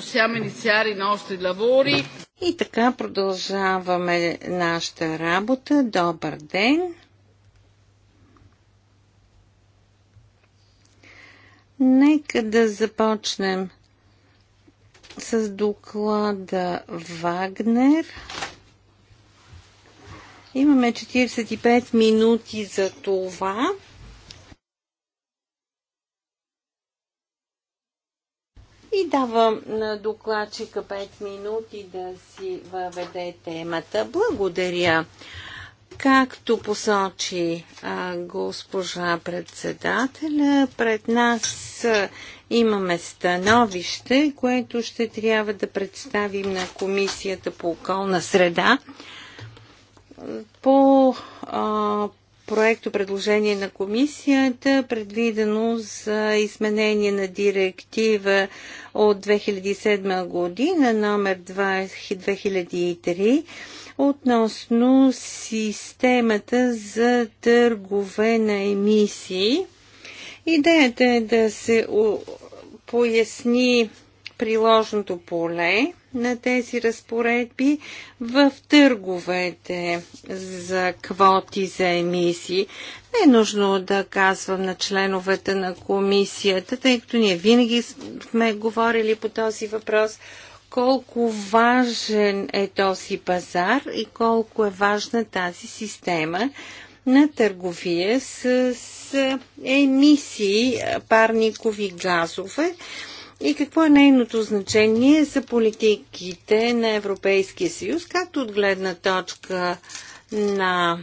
possiamo iniziare i nostri lavori. И така продължаваме нашата работа. Добър ден! Нека да започнем с доклада Вагнер. Имаме 45 минути за това. И давам на докладчика 5 минути да си въведе темата. Благодаря. Както посочи а, госпожа председателя, пред нас а, имаме становище, което ще трябва да представим на Комисията по околна среда по а, проекто предложение на комисията, предвидено за изменение на директива от 2007 година, номер 2003, относно системата за търгове на емисии. Идеята е да се поясни приложното поле на тези разпоредби в търговете за квоти за емисии. Не е нужно да казвам на членовете на комисията, тъй като ние винаги сме говорили по този въпрос колко важен е този пазар и колко е важна тази система на търговия с, емисии парникови газове и какво е нейното значение за политиките на Европейския съюз, както от гледна точка на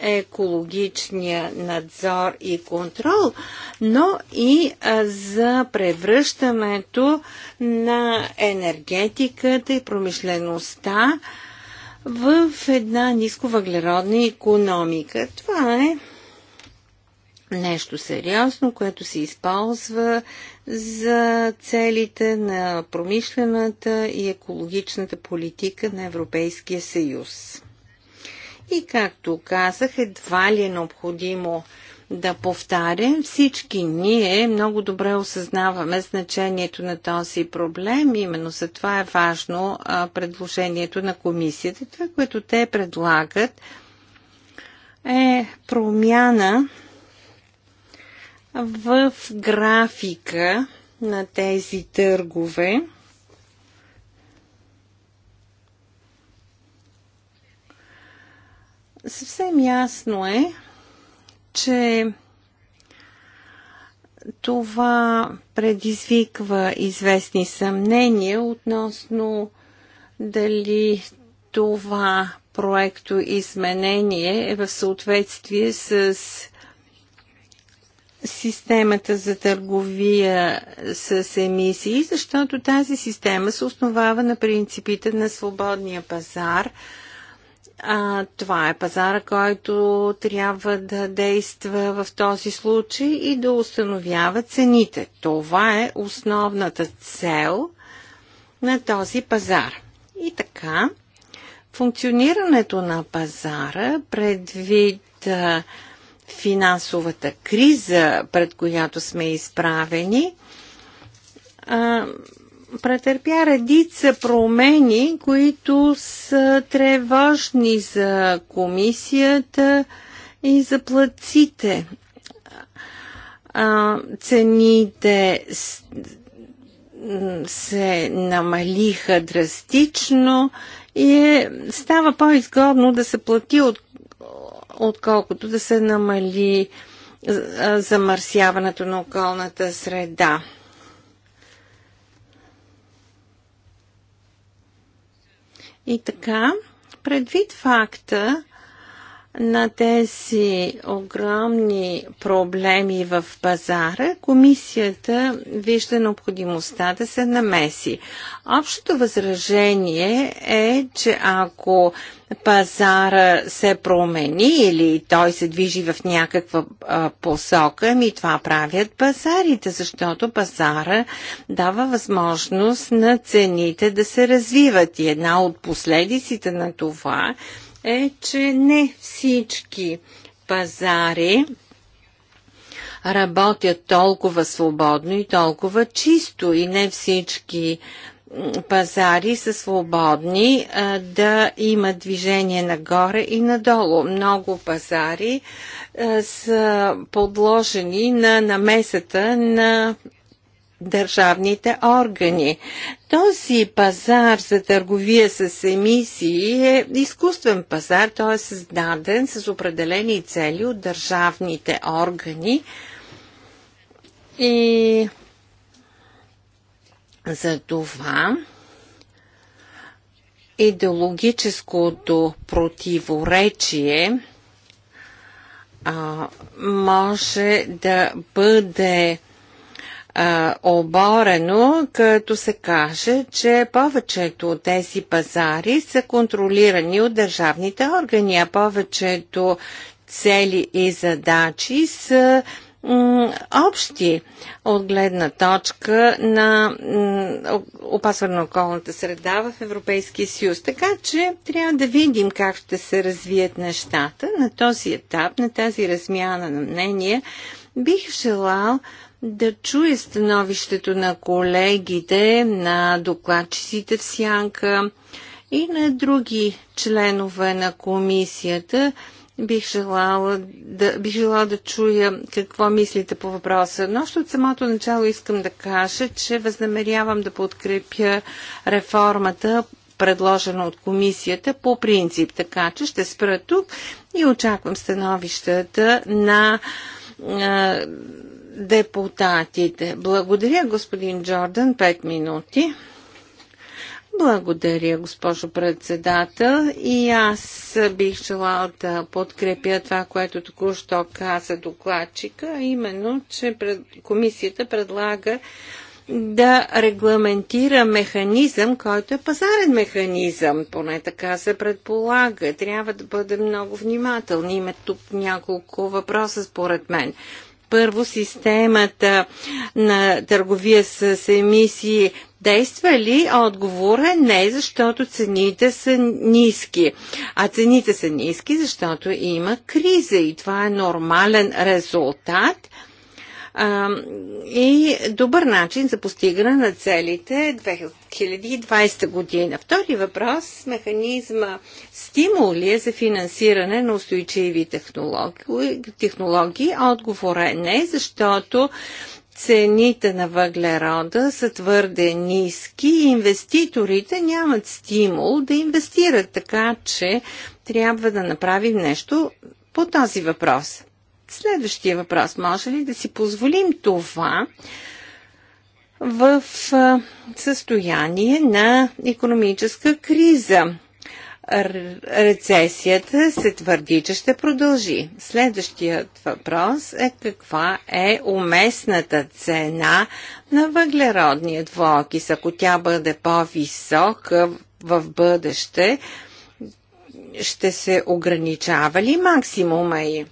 екологичния надзор и контрол, но и за превръщането на енергетиката и промишлеността в една нисковъглеродна економика. Това е нещо сериозно, което се използва за целите на промишлената и екологичната политика на Европейския съюз. И както казах, едва ли е необходимо да повтарям, всички ние много добре осъзнаваме значението на този проблем. Именно за това е важно предложението на комисията. Това, което те предлагат е промяна в графика на тези търгове. Съвсем ясно е, че това предизвиква известни съмнения относно дали това проекто изменение е в съответствие с системата за търговия с емисии, защото тази система се основава на принципите на свободния пазар. А, това е пазара, който трябва да действа в този случай и да установява цените. Това е основната цел на този пазар. И така, функционирането на пазара предвид а, финансовата криза, пред която сме изправени, претърпя редица промени, които са тревожни за комисията и за плаците. Цените се намалиха драстично и е, става по-изгодно да се плати, от, отколкото да се намали замърсяването на околната среда. И така, предвид факта, на тези огромни проблеми в пазара, комисията вижда необходимостта да се намеси. Общото възражение е, че ако пазара се промени или той се движи в някаква а, посока, ми това правят пазарите, защото пазара дава възможност на цените да се развиват. И една от последиците на това е, е, че не всички пазари работят толкова свободно и толкова чисто и не всички пазари са свободни а, да има движение нагоре и надолу. Много пазари а, са подложени на намесата на държавните органи. Този пазар за търговия с емисии е изкуствен пазар, той е създаден с определени цели от държавните органи и за това идеологическото противоречие а, може да бъде оборено, като се каже, че повечето от тези пазари са контролирани от държавните органи, а повечето цели и задачи са общи от гледна точка на опасване на околната среда в Европейския съюз. Така че трябва да видим как ще се развият нещата на този етап, на тази размяна на мнение. Бих желал да чуе становището на колегите, на докладчиците в Сянка и на други членове на комисията. Бих желала да, бих желала да чуя какво мислите по въпроса. Но още от самото начало искам да кажа, че възнамерявам да подкрепя реформата предложена от комисията по принцип. Така че ще спра тук и очаквам становищата на депутатите. Благодаря, господин Джордан. Пет минути. Благодаря, госпожо председател. И аз бих желала да подкрепя това, което току-що каза докладчика, именно, че пред... комисията предлага да регламентира механизъм, който е пазарен механизъм, поне така се предполага. Трябва да бъдем много внимателни. Има тук няколко въпроса, според мен първо системата на търговия с емисии действа ли? Отговора е не, защото цените са ниски. А цените са ниски, защото има криза и това е нормален резултат – а, и добър начин за постигане на целите 2020 година. Втори въпрос механизма стимули за финансиране на устойчиви технологии. технологии отговор е не, защото цените на въглерода са твърде ниски и инвеститорите нямат стимул да инвестират, така че трябва да направим нещо по този въпрос. Следващия въпрос. Може ли да си позволим това в състояние на економическа криза? рецесията се твърди, че ще продължи. Следващият въпрос е каква е уместната цена на въглеродния двуокис. Ако тя бъде по-висока в бъдеще, ще се ограничава ли максимума и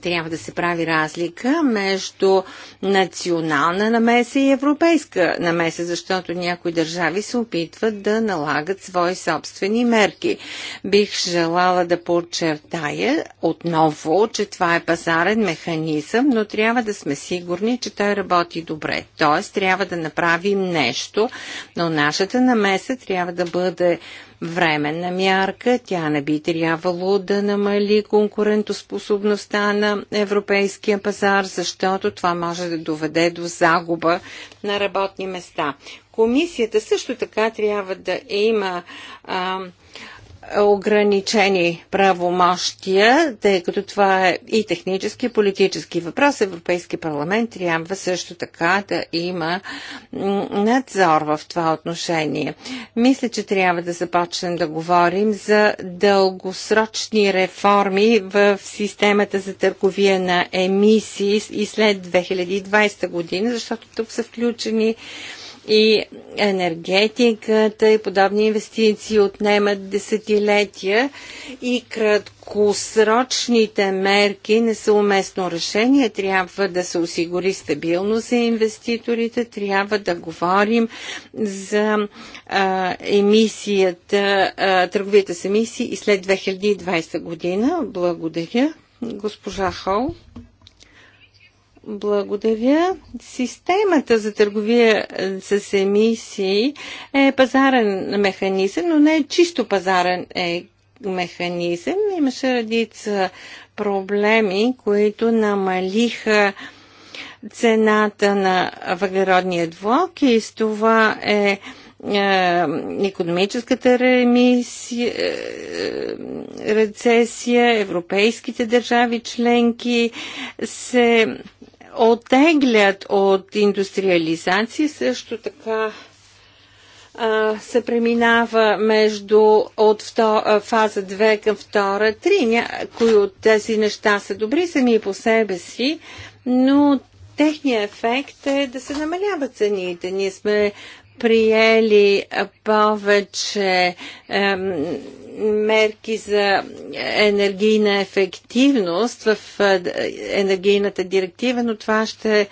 трябва да се прави разлика между национална намеса и европейска намеса, защото някои държави се опитват да налагат свои собствени мерки. Бих желала да подчертая отново, че това е пазарен механизъм, но трябва да сме сигурни, че той работи добре. Т.е. трябва да направим нещо, но нашата намеса трябва да бъде временна мярка. Тя не би трябвало да намали конкурентоспособността на европейския пазар, защото това може да доведе до загуба на работни места. Комисията също така трябва да има а, ограничени правомощия, тъй като това е и технически, и политически въпрос. Европейски парламент трябва също така да има надзор в това отношение. Мисля, че трябва да започнем да говорим за дългосрочни реформи в системата за търговия на емисии и след 2020 година, защото тук са включени и енергетиката и подобни инвестиции отнемат десетилетия и краткосрочните мерки не са уместно решение. Трябва да се осигури стабилност за инвеститорите, трябва да говорим за а, емисията, а, търговията с емисии и след 2020 година. Благодаря, госпожа Хол. Благодаря. Системата за търговия е, с емисии е пазарен механизъм, но не е чисто пазарен е механизъм. Имаше редица проблеми, които намалиха цената на въглеродния двок и с това е, е економическата ремисия, е, рецесия, европейските държави членки се отеглят от индустриализация, също така се преминава между от втор, фаза 2 към втора 3. кои от тези неща са добри сами по себе си, но техният ефект е да се намаляват цените. Ние сме приели повече мерки за енергийна ефективност в енергийната директива, но това ще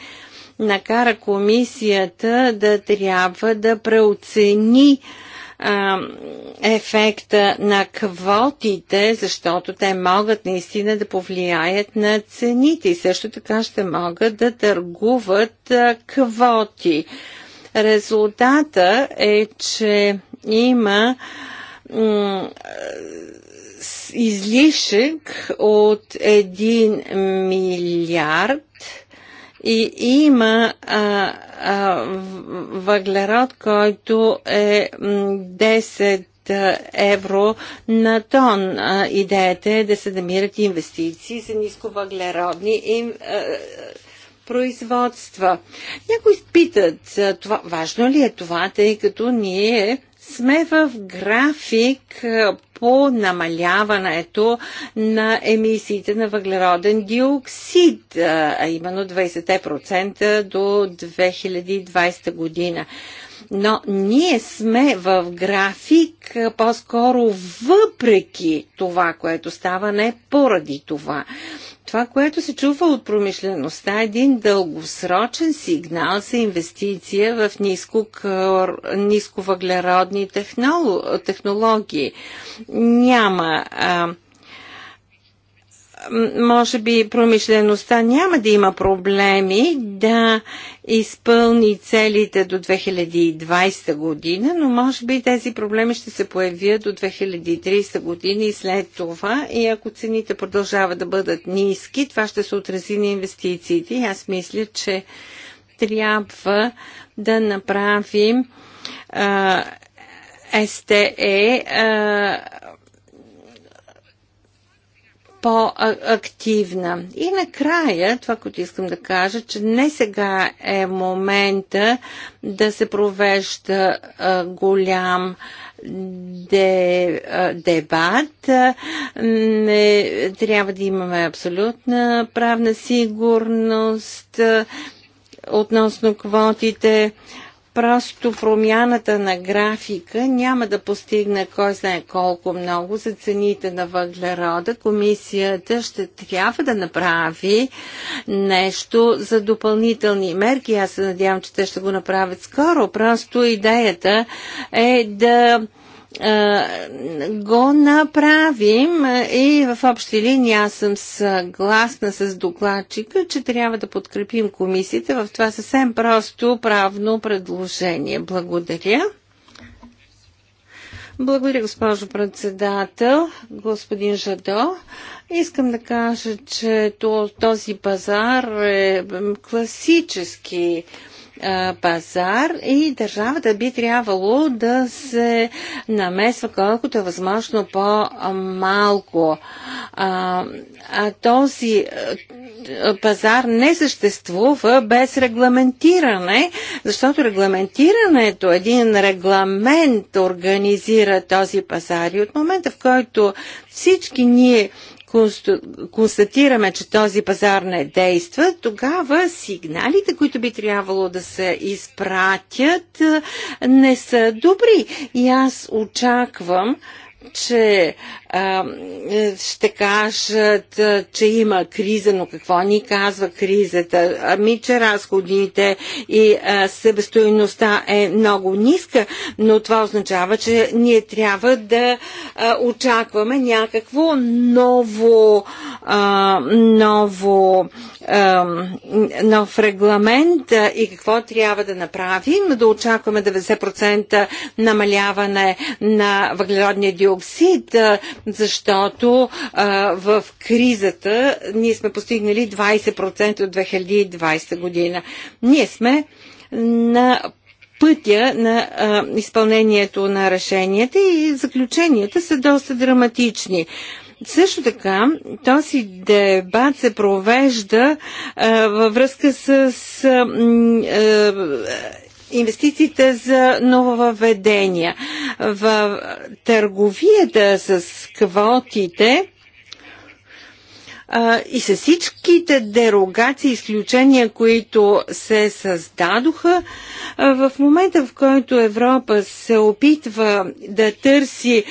накара комисията да трябва да преоцени ефекта на квотите, защото те могат наистина да повлияят на цените и също така ще могат да търгуват квоти. Резултата е, че има излишък от 1 милиард и има а, а, въглерод, който е 10 евро на тон. Идеята е да се намират инвестиции за нисковъглеродни производства. Някои питат, това, важно ли е това, тъй като ние сме в график по намаляването на емисиите на въглероден диоксид, а именно 20% до 2020 година. Но ние сме в график по-скоро въпреки това, което става, не поради това. Това, което се чува от промишлеността е един дългосрочен сигнал за инвестиция в ниско, нисковъглеродни технологии. Няма а, може би промишлеността няма да има проблеми да изпълни целите до 2020 година, но може би тези проблеми ще се появят до 2030 година и след това. И ако цените продължават да бъдат ниски, това ще се отрази на инвестициите. И аз мисля, че трябва да направим а, СТЕ а, по-активна. И накрая, това, което искам да кажа, че не сега е момента да се провежда голям де, дебат. Не, трябва да имаме абсолютна правна сигурност относно квотите просто промяната на графика няма да постигне кой знае колко много за цените на въглерода. Комисията ще трябва да направи нещо за допълнителни мерки. Аз се надявам, че те ще го направят скоро. Просто идеята е да го направим и в общи линии аз съм съгласна с докладчика, че трябва да подкрепим комисията в това съвсем просто правно предложение. Благодаря. Благодаря, госпожо председател, господин Жадо. Искам да кажа, че този пазар е класически пазар и държавата би трябвало да се намесва колкото е възможно по-малко. А, а този пазар не съществува без регламентиране, защото регламентирането, един регламент организира този пазар и от момента в който всички ние констатираме, че този пазар не действа, тогава сигналите, които би трябвало да се изпратят, е, не са добри. И аз очаквам, че е, ще кажат, е, че има криза, но какво ни казва кризата? Ами, че разходите и е, себестоиността е много ниска, но това означава, че ние трябва да очакваме някакво ново, ново нов регламент и какво трябва да направим, да очакваме 90% намаляване на въглеродния диоксид, защото а, в кризата ние сме постигнали 20% от 2020 година. Ние сме на пътя на а, изпълнението на решенията и заключенията са доста драматични. Също така, този дебат се провежда а, във връзка с а, а, инвестициите за нововведения. В търговията с квотите и с всичките дерогации, изключения, които се създадоха, в момента в който Европа се опитва да търси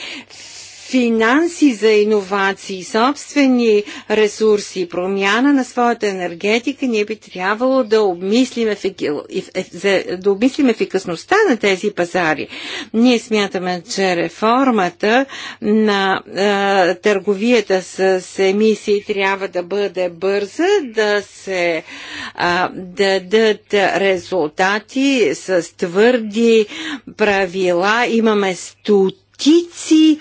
финанси за иновации, собствени ресурси, промяна на своята енергетика, ние би трябвало да обмислим, ефики... да обмислим ефикасността на тези пазари. Ние смятаме, че реформата на е, търговията с, с емисии трябва да бъде бърза, да се е, дадат резултати с твърди правила. Имаме студ стотици,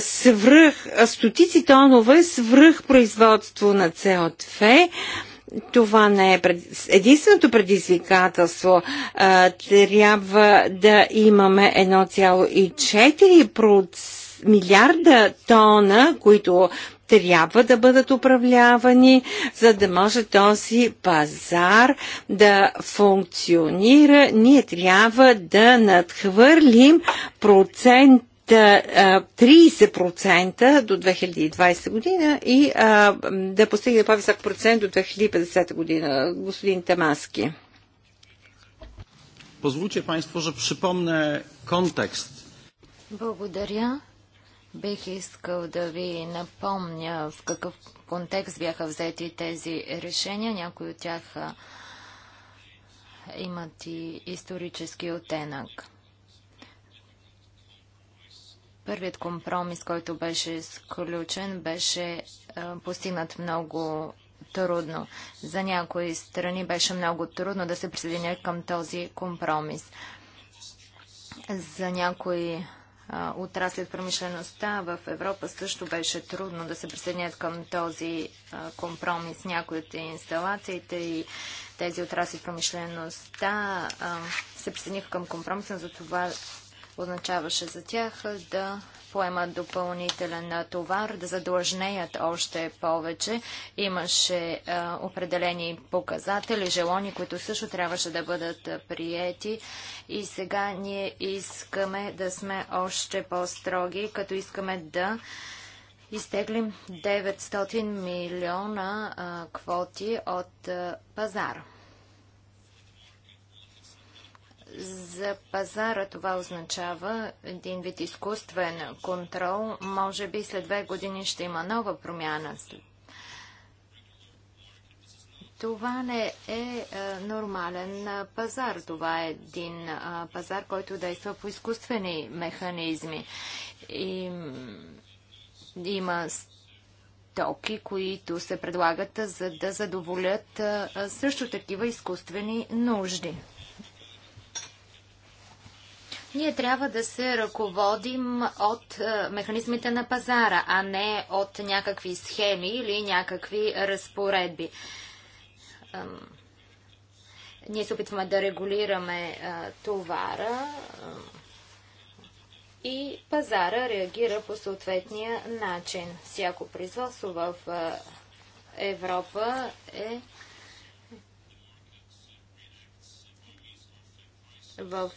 свръх, стотици тонове свръх производство на СО2 това не е пред... единственото предизвикателство. А, трябва да имаме 1,4 милиарда тона, които трябва да бъдат управлявани, за да може този пазар да функционира. Ние трябва да надхвърлим процент 30% до 2020 година и да постигне по-висок процент до 2050 година. Господин Тамаски. Позволите панство, да припомня контекст. Благодаря. Бих искал да ви напомня в какъв контекст бяха взети тези решения. Някои от тях имат и исторически оттенък. Първият компромис, който беше сключен, беше постигнат много трудно. За някои страни беше много трудно да се присъединят към този компромис. За някои отрасли от промишлеността в Европа също беше трудно да се присъединят към този компромис. Някои от инсталациите и тези отрасли от промишлеността се присъединиха към компромиса, това означаваше за тях да поемат допълнителен товар, да задлъжнеят още повече. Имаше а, определени показатели, желони, които също трябваше да бъдат приети. И сега ние искаме да сме още по-строги, като искаме да изтеглим 900 милиона а, квоти от пазара. За пазара това означава един вид изкуствен контрол. Може би след две години ще има нова промяна. Това не е, е нормален е, пазар. Това е един е, пазар, който действа по изкуствени механизми. И, има токи, които се предлагат за да задоволят също такива изкуствени нужди. Ние трябва да се ръководим от е, механизмите на пазара, а не от някакви схеми или някакви разпоредби. Ние се опитваме да регулираме е, товара е, и пазара реагира по съответния начин. Всяко производство в Европа е в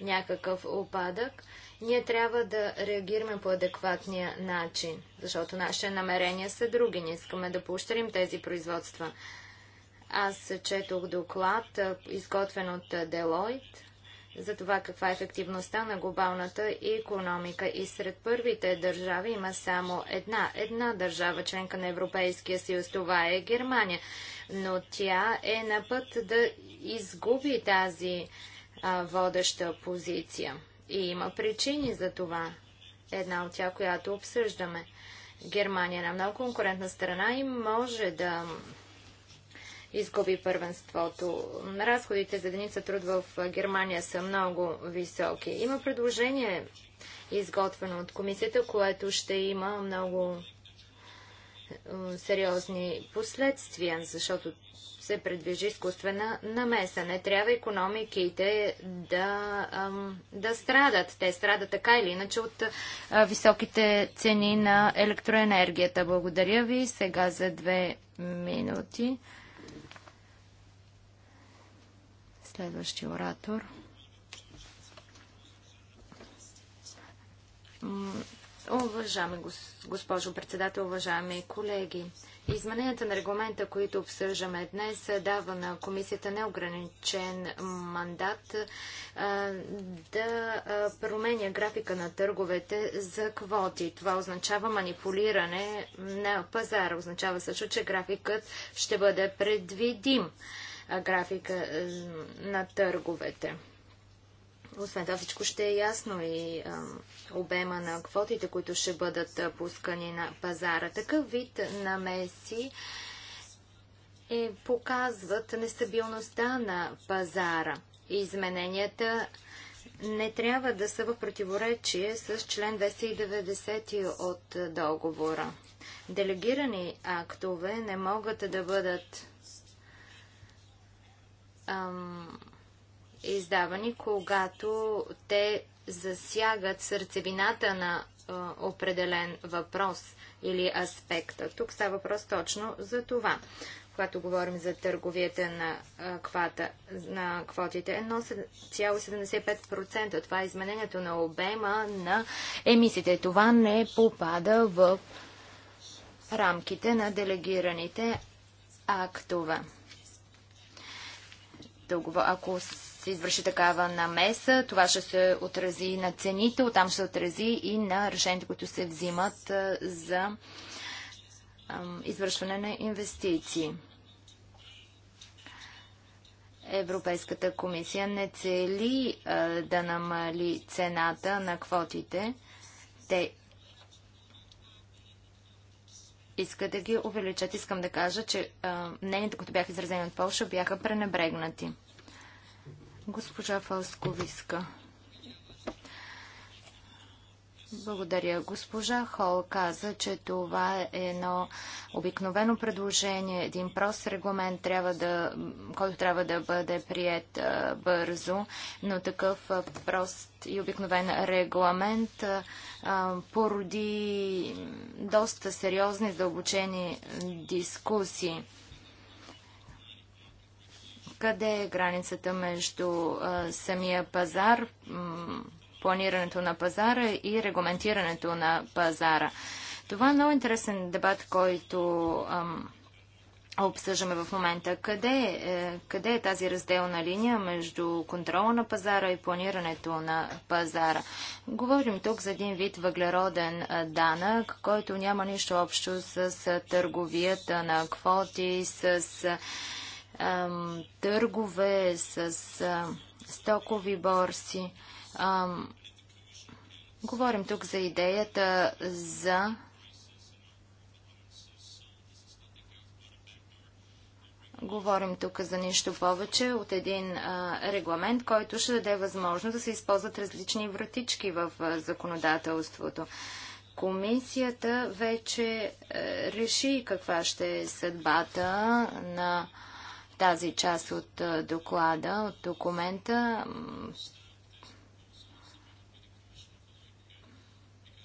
някакъв опадък, ние трябва да реагираме по адекватния начин, защото нашите намерения са други. Ние искаме да поощрим тези производства. Аз четох доклад, изготвен от Делойт, за това каква е ефективността на глобалната економика. И сред първите държави има само една, една държава, членка на Европейския съюз. Това е Германия. Но тя е на път да изгуби тази а, водеща позиция. И има причини за това. Една от тях, която обсъждаме. Германия е на много конкурентна страна и може да изгуби първенството. Разходите за единица труд в Германия са много високи. Има предложение изготвено от комисията, което ще има много сериозни последствия, защото се предвижи изкуствена намеса. Не трябва економиките да, да страдат. Те страдат така или иначе от високите цени на електроенергията. Благодаря ви. Сега за две минути. Следващия оратор. Уважаеми госпожо председател, уважаеми колеги, Измененията на регламента, които обсъждаме днес, дава на комисията неограничен мандат да променя графика на търговете за квоти. Това означава манипулиране на пазара. Означава също, че графикът ще бъде предвидим графика на търговете. Освен това всичко ще е ясно и а, обема на квотите, които ще бъдат пускани на пазара. Такъв вид намеси е, показват нестабилността на пазара. Измененията не трябва да са в противоречие с член 290 от договора. Делегирани актове не могат да бъдат ам, издавани, когато те засягат сърцевината на а, определен въпрос или аспект. тук става въпрос точно за това. Когато говорим за търговията на, а, квата, на квотите, 1,75%. Това е изменението на обема на емисиите. Това не попада в рамките на делегираните актове. Ако се извърши такава намеса, това ще се отрази на цените, оттам ще се отрази и на решенията, които се взимат за извършване на инвестиции. Европейската комисия не цели да намали цената на квотите. Те искат да ги увеличат. Искам да кажа, че мнението, мненията, които бяха изразени от Польша, бяха пренебрегнати. Госпожа Фалсковиска. Благодаря. Госпожа Хол каза, че това е едно обикновено предложение, един прост регламент, трябва да, който трябва да бъде прият бързо, но такъв прост и обикновен регламент породи доста сериозни задълбочени дискусии къде е границата между а, самия пазар, планирането на пазара и регламентирането на пазара. Това е много интересен дебат, който ам, обсъждаме в момента. Къде е, къде е тази разделна линия между контрола на пазара и планирането на пазара? Говорим тук за един вид въглероден данък, който няма нищо общо с търговията на квоти, с търгове, с стокови борси. говорим тук за идеята за Говорим тук за нищо повече от един а, регламент, който ще даде възможност да се използват различни вратички в а, законодателството. Комисията вече е, реши каква ще е съдбата на а, тази част от доклада, от документа.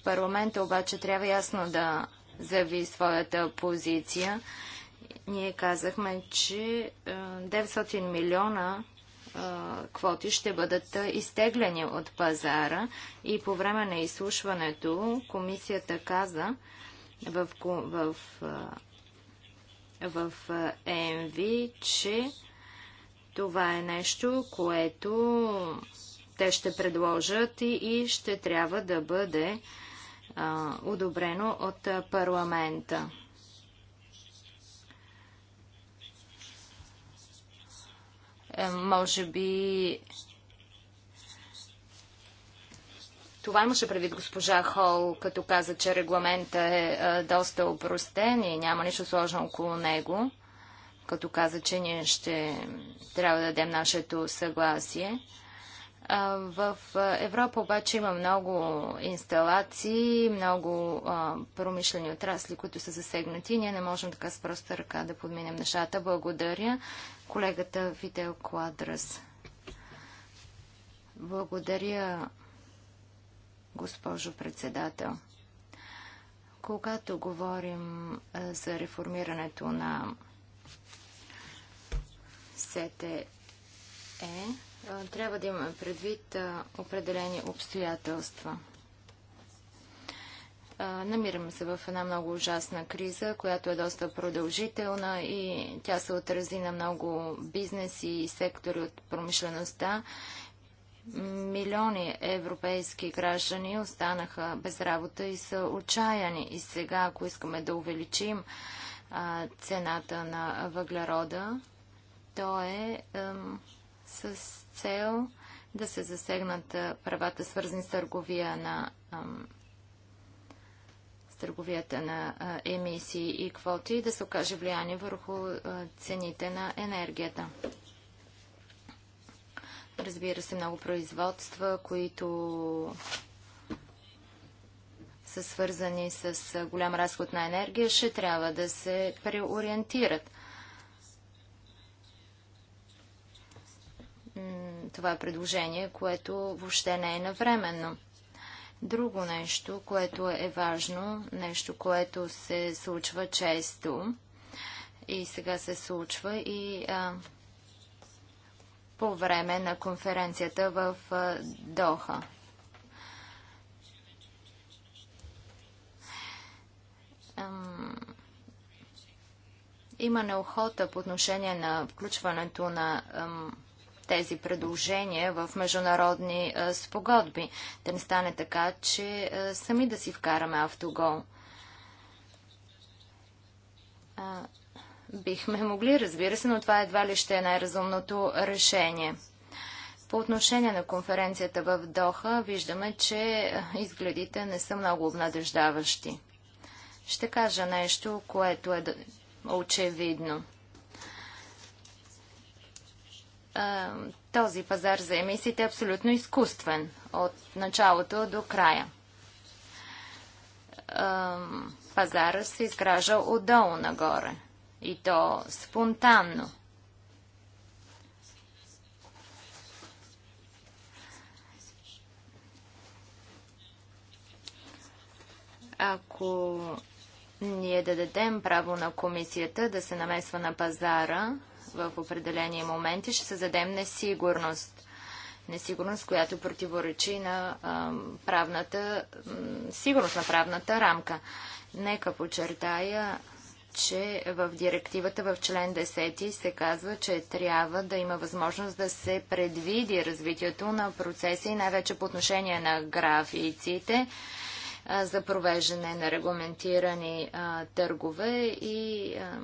Парламента обаче трябва ясно да заяви своята позиция. Ние казахме, че 900 милиона квоти ще бъдат изтеглени от пазара и по време на изслушването комисията каза в, в в ЕМВ, че това е нещо, което те ще предложат и, ще трябва да бъде одобрено от парламента. Е, може би Това имаше предвид госпожа Хол, като каза, че регламента е, е доста опростен и няма нищо сложно около него, като каза, че ние ще трябва да дадем нашето съгласие. в е, Европа обаче има много инсталации, много промишлени отрасли, които са засегнати. Ние не можем така с проста ръка да подминем нещата. Благодаря колегата Фидел Квадрас. Благодаря госпожо председател. Когато говорим за реформирането на СТЕ, трябва да имаме предвид определени обстоятелства. Намираме се в една много ужасна криза, която е доста продължителна и тя се отрази на много бизнеси и сектори от промишлеността Милиони европейски граждани останаха без работа и са отчаяни. И сега, ако искаме да увеличим а, цената на въглерода, то е с цел да се засегнат правата, свързани с търговия на търговията на емисии и квоти и да се окаже влияние върху цените на енергията. Разбира се, много производства, които са свързани с голям разход на енергия, ще трябва да се преориентират. Това е предложение, което въобще не е навременно. Друго нещо, което е важно, нещо, което се случва често и сега се случва и а, по време на конференцията в Доха. Има неохота по отношение на включването на тези предложения в международни спогодби. Да не стане така, че сами да си вкараме автогол. Бихме могли, разбира се, но това едва ли ще е най-разумното решение. По отношение на конференцията в Доха, виждаме, че изгледите не са много обнадеждаващи. Ще кажа нещо, което е очевидно. Този пазар за емисиите е абсолютно изкуствен от началото до края. Пазара се изгражда отдолу нагоре – и то спонтанно. Ако ние да дадем право на комисията да се намесва на пазара в определени моменти, ще създадем несигурност. Несигурност, която противоречи на правната, сигурност на правната рамка. Нека подчертая, че в директивата в член 10 се казва, че трябва да има възможност да се предвиди развитието на процеса и най-вече по отношение на графиците за провеждане на регламентирани а, търгове и а,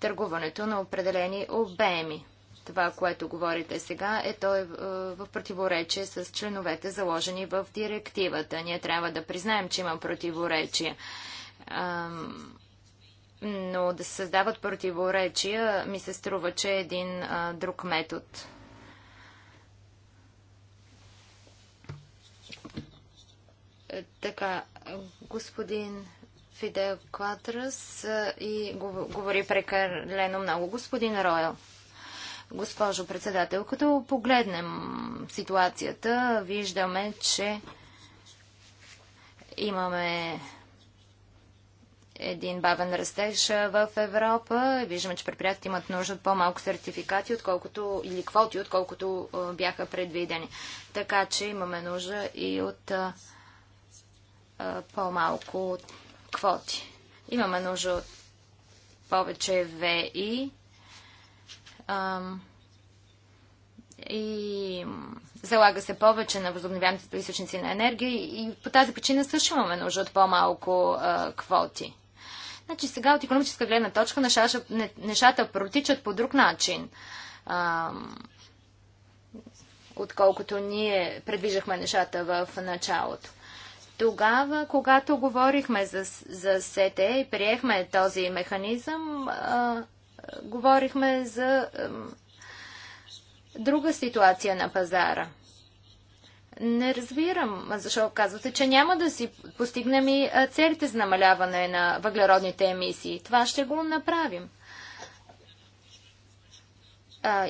търгуването на определени обеми. Това, което говорите сега, е той е, в противоречие с членовете заложени в директивата. Ние трябва да признаем, че има противоречие но да се създават противоречия ми се струва, че е един а, друг метод. Е, така, господин Фидел Кватрас и говори прекалено много. Господин Ройл. Госпожо председател, като погледнем ситуацията, виждаме, че имаме един бавен растеж в Европа. Виждаме, че предприятията имат нужда от по-малко сертификати отколкото, или квоти, отколкото бяха предвидени. Така че имаме нужда и от по-малко квоти. Имаме нужда от повече ВИ ам, и залага се повече на възобновяемите източници на енергия и, и по тази причина също имаме нужда от по-малко квоти. Значи сега от економическа гледна точка нещата, нещата протичат по друг начин, а, отколкото ние предвиждахме нещата в началото. Тогава, когато говорихме за, за СЕТЕ и приехме този механизъм, а, говорихме за а, друга ситуация на пазара – не разбирам защо казвате, че няма да си постигнем и целите за намаляване на въглеродните емисии. Това ще го направим.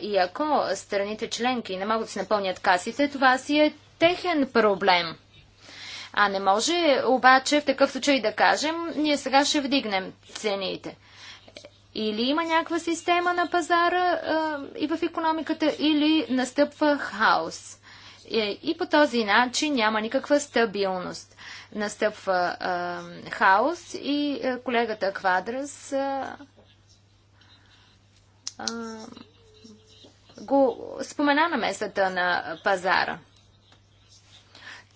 и ако страните членки не могат да си напълнят касите, това си е техен проблем. А не може обаче в такъв случай да кажем, ние сега ще вдигнем цените. Или има някаква система на пазара и в економиката, или настъпва хаос. Е, и по този начин няма никаква стабилност. Настъпва а, хаос и а, колегата Квадрас а, а, го спомена на местата на пазара.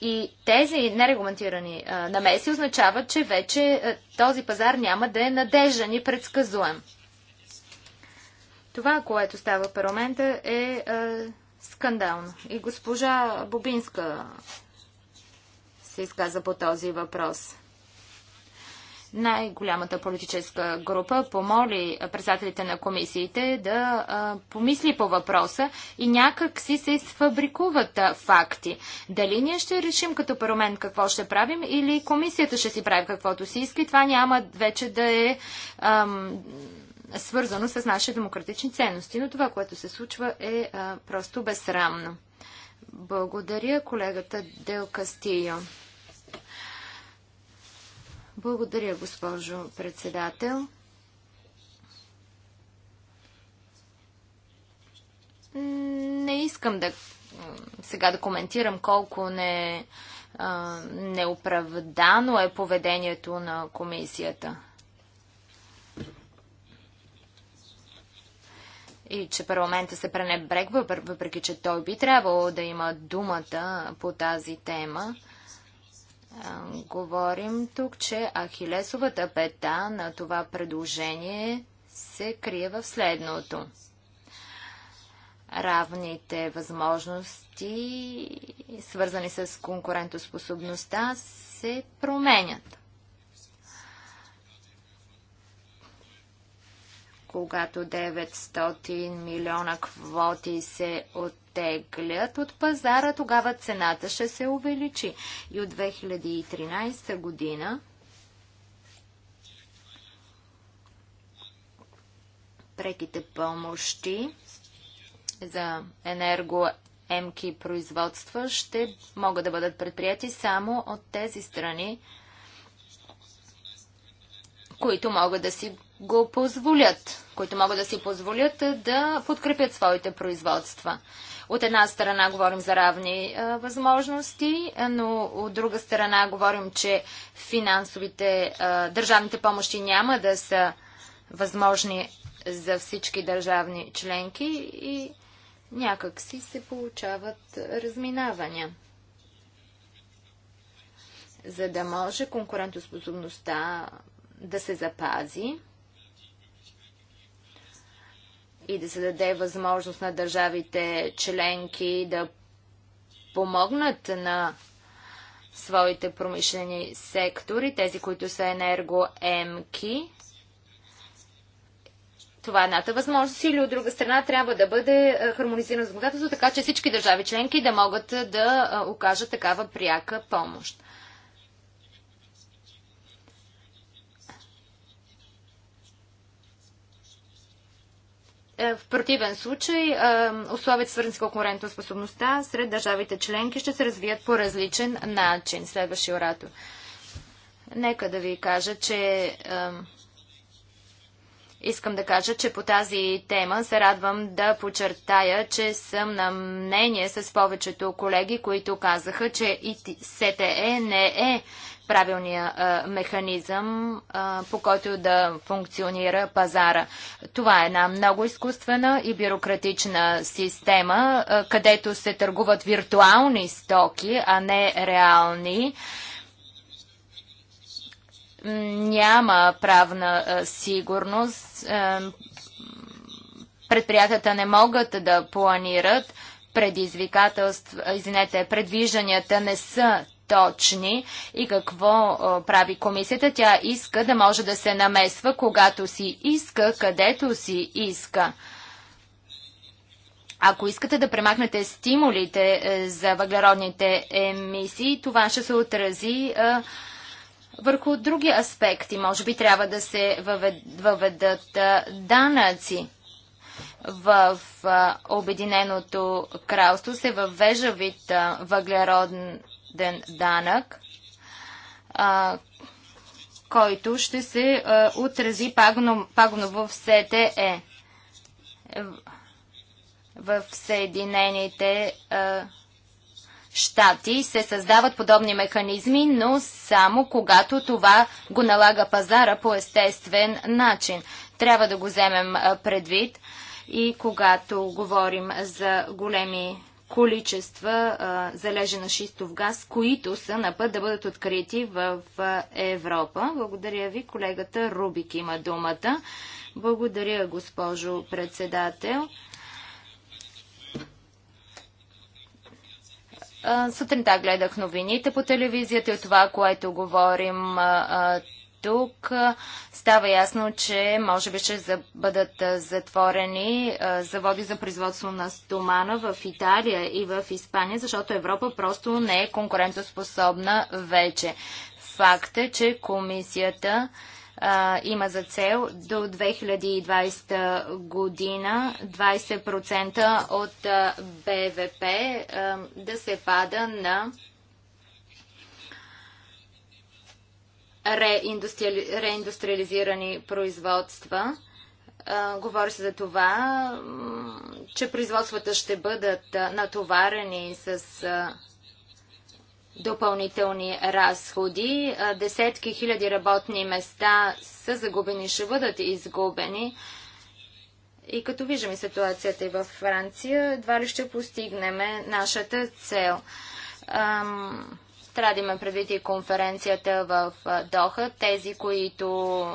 И тези нерегламентирани а, намеси означават, че вече а, този пазар няма да е надежден и предсказуем. Това, което става в парламента е а, скандално. И госпожа Бобинска се изказа по този въпрос. Най-голямата политическа група помоли председателите на комисиите да а, помисли по въпроса и някак си се изфабрикуват факти. Дали ние ще решим като парламент какво ще правим или комисията ще си прави каквото си иска и това няма вече да е ам, свързано с нашите демократични ценности. Но това, което се случва, е а, просто безсрамно. Благодаря колегата Дел Кастио. Благодаря, госпожо председател. Не искам да сега да коментирам колко не, а, неоправдано е поведението на комисията. и че парламента се пренебрегва, въпреки че той би трябвало да има думата по тази тема. Говорим тук, че ахилесовата пета на това предложение се крие в следното. Равните възможности, свързани с конкурентоспособността, се променят. когато 900 милиона квоти се оттеглят от пазара, тогава цената ще се увеличи. И от 2013 година преките помощи за енергоемки производства ще могат да бъдат предприяти само от тези страни, които могат да си го позволят, които могат да си позволят е, да подкрепят своите производства. От една страна говорим за равни а, е, възможности, е, но от друга страна говорим, че финансовите а, държавните помощи няма да са възможни за всички държавни членки и някак си се получават разминавания. За да може конкурентоспособността да се запази, и да се даде възможност на държавите членки да помогнат на своите промишлени сектори, тези, които са енергоемки. Това е едната възможност или от друга страна трябва да бъде е, хармонизирано законодателство, така че всички държави членки да могат е, да е, окажат такава пряка помощ. Е, в противен случай е, условията свързани с конкурентоспособността сред държавите членки ще се развият по различен начин. Следващия оратор. Нека да ви кажа, че е, Искам да кажа, че по тази тема се радвам да подчертая, че съм на мнение с повечето колеги, които казаха, че СТЕ не е правилния а, механизъм, а, по който да функционира пазара. Това е една много изкуствена и бюрократична система, а, където се търгуват виртуални стоки, а не реални. Няма правна а, сигурност. А, предприятията не могат да планират предизвикателства, извинете, предвижданията не са точни и какво прави комисията. Тя иска да може да се намесва, когато си иска, където си иска. Ако искате да премахнете стимулите е, за въглеродните емисии, това ще се отрази върху други аспекти. Може би трябва да се въведат данъци. В Обединеното кралство се въвежда вид въглероден ден данък, а, който ще се а, отрази пагубно, в СТЕ в Съединените а, щати се създават подобни механизми, но само когато това го налага пазара по естествен начин. Трябва да го вземем предвид и когато говорим за големи количества а, на шистов газ, които са на път да бъдат открити в е, Европа. Благодаря ви. Колегата Рубик има думата. Благодаря, госпожо председател. Сутринта гледах новините по телевизията и това, което говорим а, тук става ясно, че може би ще бъдат затворени заводи за производство на стомана в Италия и в Испания, защото Европа просто не е конкурентоспособна вече. Факт е, че комисията има за цел до 2020 година 20% от БВП да се пада на реиндустриали... реиндустриализирани производства. говори се за това, че производствата ще бъдат натоварени с допълнителни разходи. Десетки хиляди работни места са загубени, ще бъдат изгубени. И като виждаме ситуацията и във Франция, едва ли ще постигнем нашата цел. Ам... Трябва да има предвид и конференцията в Доха. Тези, които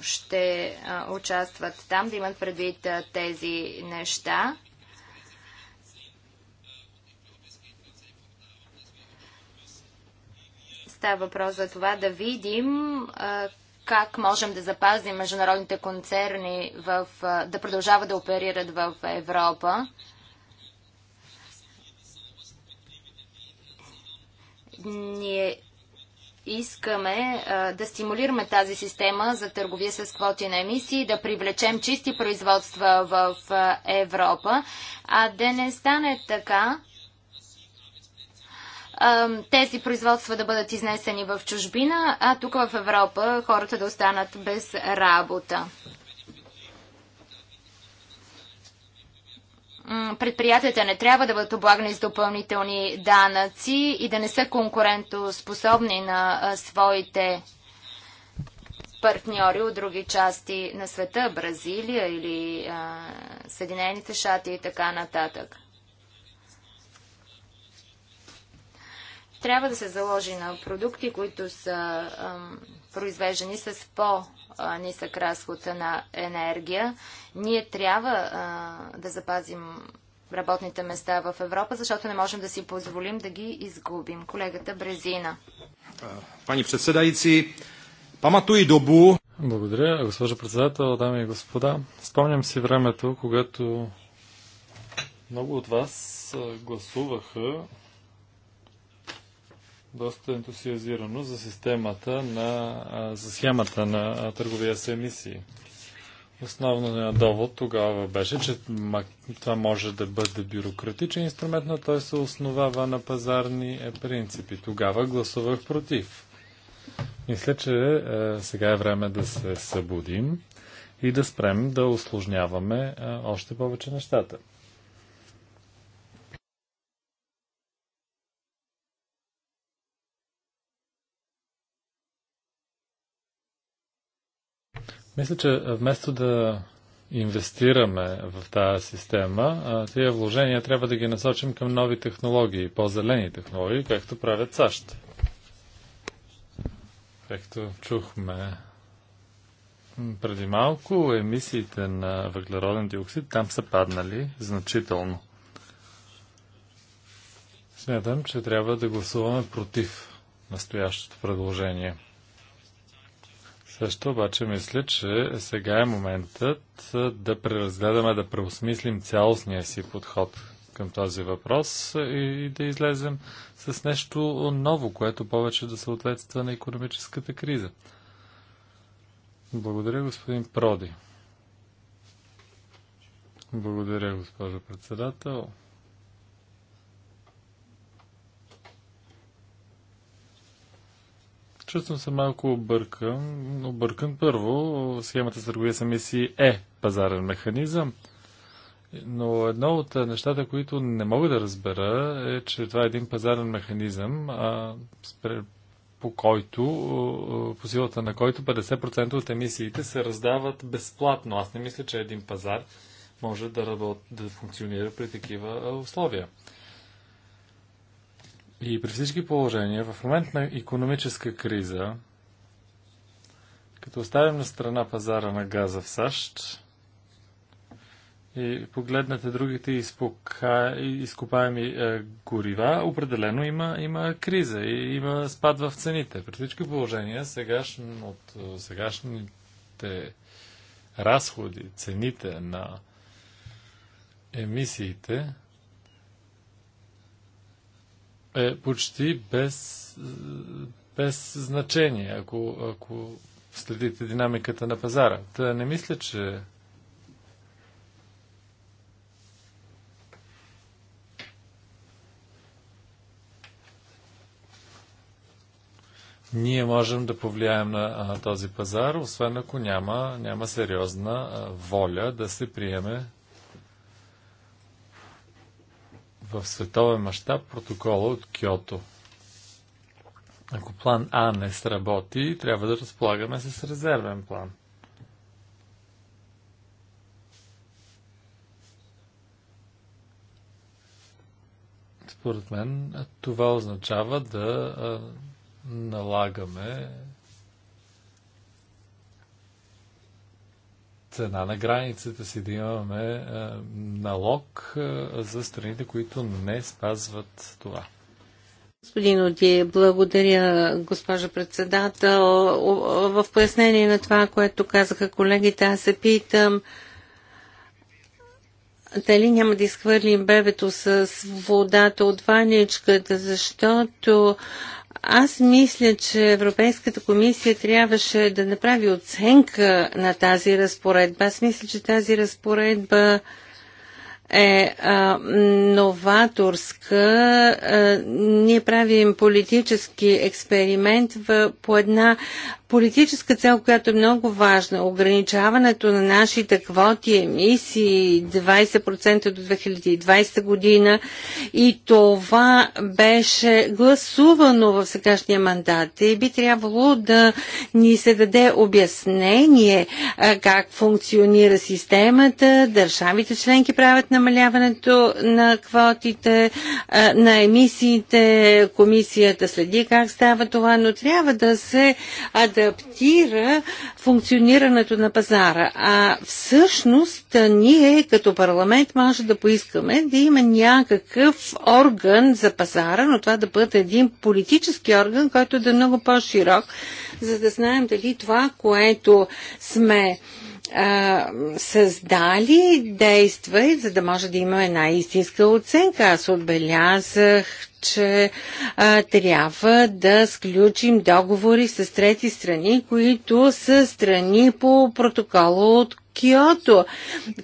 ще участват там, да имат предвид тези неща. Става въпрос за това да видим как можем да запазим международните концерни в, да продължават да оперират в Европа. Ние искаме а, да стимулираме тази система за търговия с квоти на емисии, да привлечем чисти производства в а, Европа, а да не стане така а, тези производства да бъдат изнесени в чужбина, а тук в Европа хората да останат без работа. предприятията не трябва да бъдат облагани с допълнителни данъци и да не са конкурентоспособни на своите партньори от други части на света, Бразилия или Съединените щати и така нататък. Трябва да се заложи на продукти, които са произвеждани с по- нисък разход на енергия. Ние трябва да запазим работните места в Европа, защото не можем да си позволим да ги изгубим. Колегата Брезина. Пани председайци, памато и добу. Благодаря, госпожо председател, дами и господа. Спомням си времето, когато много от вас гласуваха доста ентусиазирано за системата на, за схемата на търговия с емисии. Основният довод тогава беше, че това може да бъде бюрократичен инструмент, но той се основава на пазарни е, принципи. Тогава гласувах против. Мисля, че е, сега е време да се събудим и да спрем да осложняваме е, още повече нещата. Мисля, че вместо да инвестираме в тази система, тия вложения трябва да ги насочим към нови технологии, по-зелени технологии, както правят САЩ. Както чухме преди малко, емисиите на въглероден диоксид там са паднали значително. Смятам, че трябва да гласуваме против настоящото предложение. Също обаче мисля, че сега е моментът да преразгледаме, да преосмислим цялостния си подход към този въпрос и да излезем с нещо ново, което повече да съответства на економическата криза. Благодаря, господин Проди. Благодаря, госпожо председател. Чувствам се малко объркан. Объркан първо, схемата с търговия с емисии е пазарен механизъм. Но едно от е, нещата, които не мога да разбера, е, че това е един пазарен механизъм, а, по който, по силата на който 50% от емисиите се раздават безплатно. Аз не мисля, че един пазар може да, работ, да функционира при такива условия. И при всички положения, в момент на економическа криза, като оставим на страна пазара на газа в САЩ и погледнете другите изкопаеми е, горива, определено има, има криза и има спад в цените. При всички положения, сегашн, от сегашните разходи, цените на емисиите, е почти без, без значение, ако, ако следите динамиката на пазара. Та не мисля, че ние можем да повлияем на на този пазар, освен ако няма, няма сериозна а, воля да се приеме в световен мащаб протокола от Киото. Ако план А не сработи, трябва да разполагаме с резервен план. Според мен това означава да налагаме цена на границата си, да имаме налог за страните, които не спазват това. Господин Оди, благодаря, госпожа председател. В пояснение на това, което казаха колегите, аз се питам дали няма да изхвърлим бебето с водата от ваничката, защото аз мисля, че Европейската комисия трябваше да направи оценка на тази разпоредба. Аз мисля, че тази разпоредба е а, новаторска. А, ние правим политически експеримент в, по една политическа цел, която е много важна. Ограничаването на нашите квоти, емисии 20% до 2020 година и това беше гласувано в сегашния мандат и би трябвало да ни се даде обяснение как функционира системата, държавите членки правят намаляването на квотите, на емисиите, комисията следи как става това, но трябва да се адресира адаптира функционирането на пазара. А всъщност ние като парламент може да поискаме да има някакъв орган за пазара, но това да бъде един политически орган, който да е много по-широк, за да знаем дали това, което сме а, създали, действа, за да може да има една истинска оценка. Аз отбелязах, че а, трябва да сключим договори с трети страни, които са страни по протокола от Киото.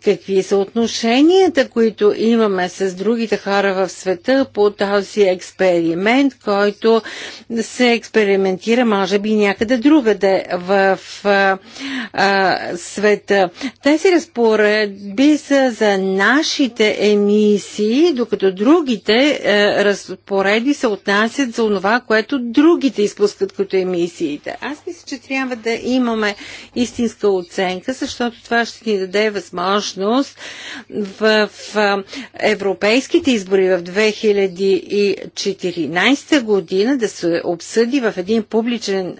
Какви са отношенията, които имаме с другите хора в света по този експеримент, който се експериментира, може би, някъде другаде в а, а, света. Тези разпоредби са за нашите емисии, докато другите а, е, разпоредби се отнасят за това, което другите изпускат като емисиите. Аз мисля, че трябва да имаме истинска оценка, защото това това ще ни даде възможност в, европейските избори в 2014 година да се обсъди в един публичен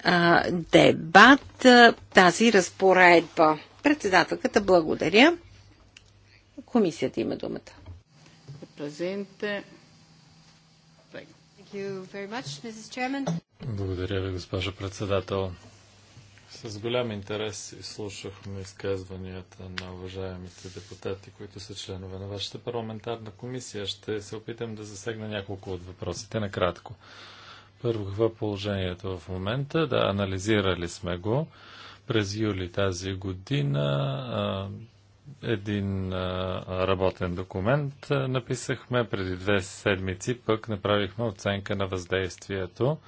дебат тази разпоредба. Председателката благодаря. Комисията има думата. Благодаря ви, госпожо председател. С голям интерес слушахме изказванията на уважаемите депутати, които са членове на вашата парламентарна комисия. Ще се опитам да засегна няколко от въпросите накратко. Първо, какво е положението в момента? Да, анализирали сме го през юли тази година. един работен документ написахме преди две седмици, пък направихме оценка на въздействието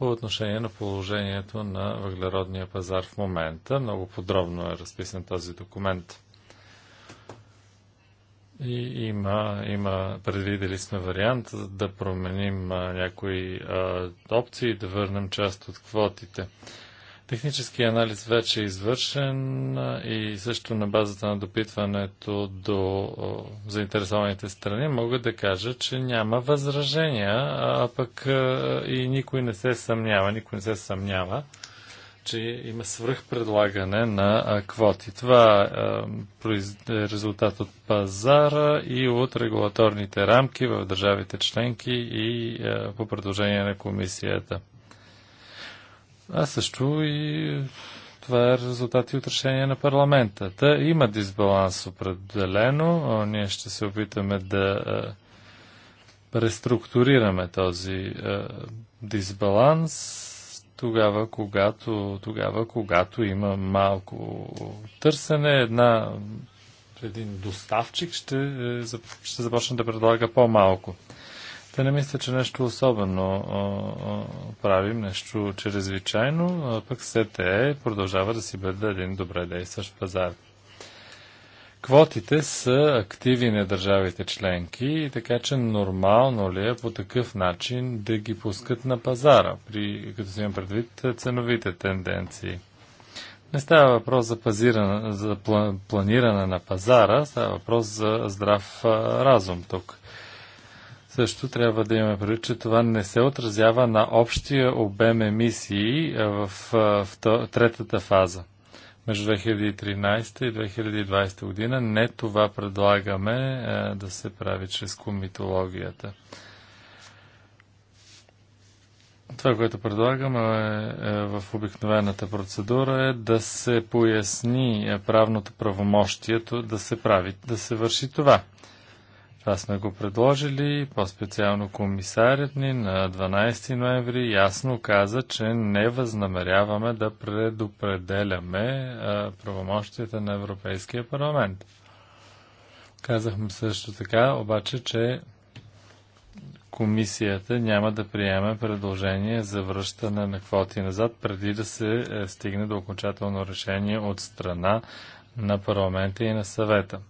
по отношение на положението на въглеродния пазар в момента. Много подробно е разписан този документ. И има, има, предвидели сме вариант да променим някои а, опции, да върнем част от квотите. Технически анализ вече е извършен и също на базата на допитването до заинтересованите страни мога да кажа, че няма възражения, а пък и никой не се съмнява, никой не се съмнява, че има свръхпредлагане на квоти. Това е резултат от пазара и от регулаторните рамки в държавите членки и по предложение на комисията а също и това е и от решение на парламента. Та има дисбаланс определено. Ние ще се опитаме да преструктурираме този дисбаланс тогава, когато, тогава, когато има малко търсене, една, един доставчик ще, е, ще започне да предлага по-малко. Те не мисля, че нещо особено правим, нещо чрезвичайно, а пък СТЕ продължава да си бъде един добре действащ пазар. Квотите са активи на държавите членки, така че нормално ли е по такъв начин да ги пускат на пазара, при, като си имам предвид ценовите тенденции. Не става въпрос за, пазиране, за планиране на пазара, става въпрос за здрав разум тук. Също трябва да имаме предвид, че това не се отразява на общия обем емисии в, в, в третата фаза. Между 2013 и 2020 година не това предлагаме е, да се прави чрез комитологията. Това, което предлагаме е, е, в обикновената процедура е да се поясни е, правното правомощието да се прави, да се върши това това сме го предложили, по-специално комисарят ни на 12 ноември ясно каза, че не възнамеряваме да предопределяме правомощията на Европейския парламент. Казахме също така, обаче, че комисията няма да приеме предложение за връщане на квоти назад, преди да се е, стигне до окончателно решение от страна на парламента и на съвета.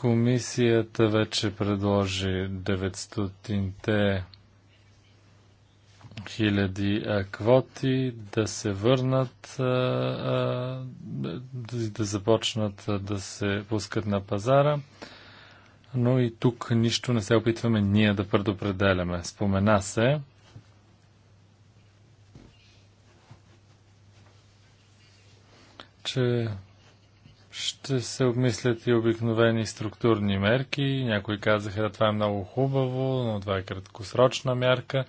Комисията вече предложи 900-те хиляди квоти да се върнат, да започнат да се пускат на пазара. Но и тук нищо не се опитваме ние да предопределяме. Спомена се, че ще се обмислят и обикновени структурни мерки. Някои казаха, да, това е много хубаво, но това е краткосрочна мярка.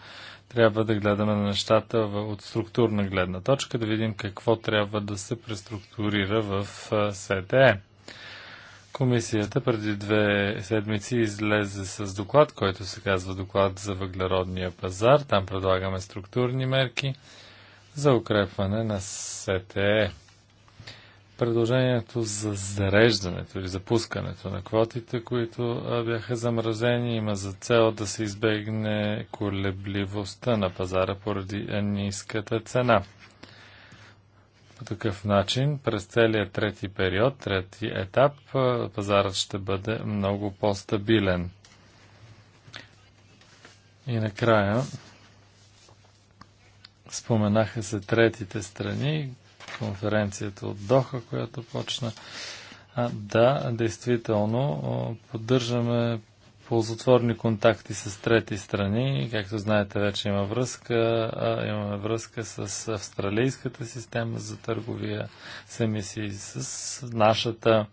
Трябва да гледаме на нещата от структурна гледна точка, да видим какво трябва да се преструктурира в СТЕ. Комисията преди две седмици излезе с доклад, който се казва доклад за въглеродния пазар. Там предлагаме структурни мерки за укрепване на СТЕ предложението за зареждането или запускането на квотите, които бяха замразени, има за цел да се избегне колебливостта на пазара поради ниската цена. По такъв начин, през целият трети период, трети етап, пазарът ще бъде много по-стабилен. И накрая, споменаха се третите страни, конференцията от Доха, която почна. А, да, действително, поддържаме ползотворни контакти с трети страни. Както знаете, вече има връзка. А, имаме връзка с австралийската система за търговия с емисии, с нашата.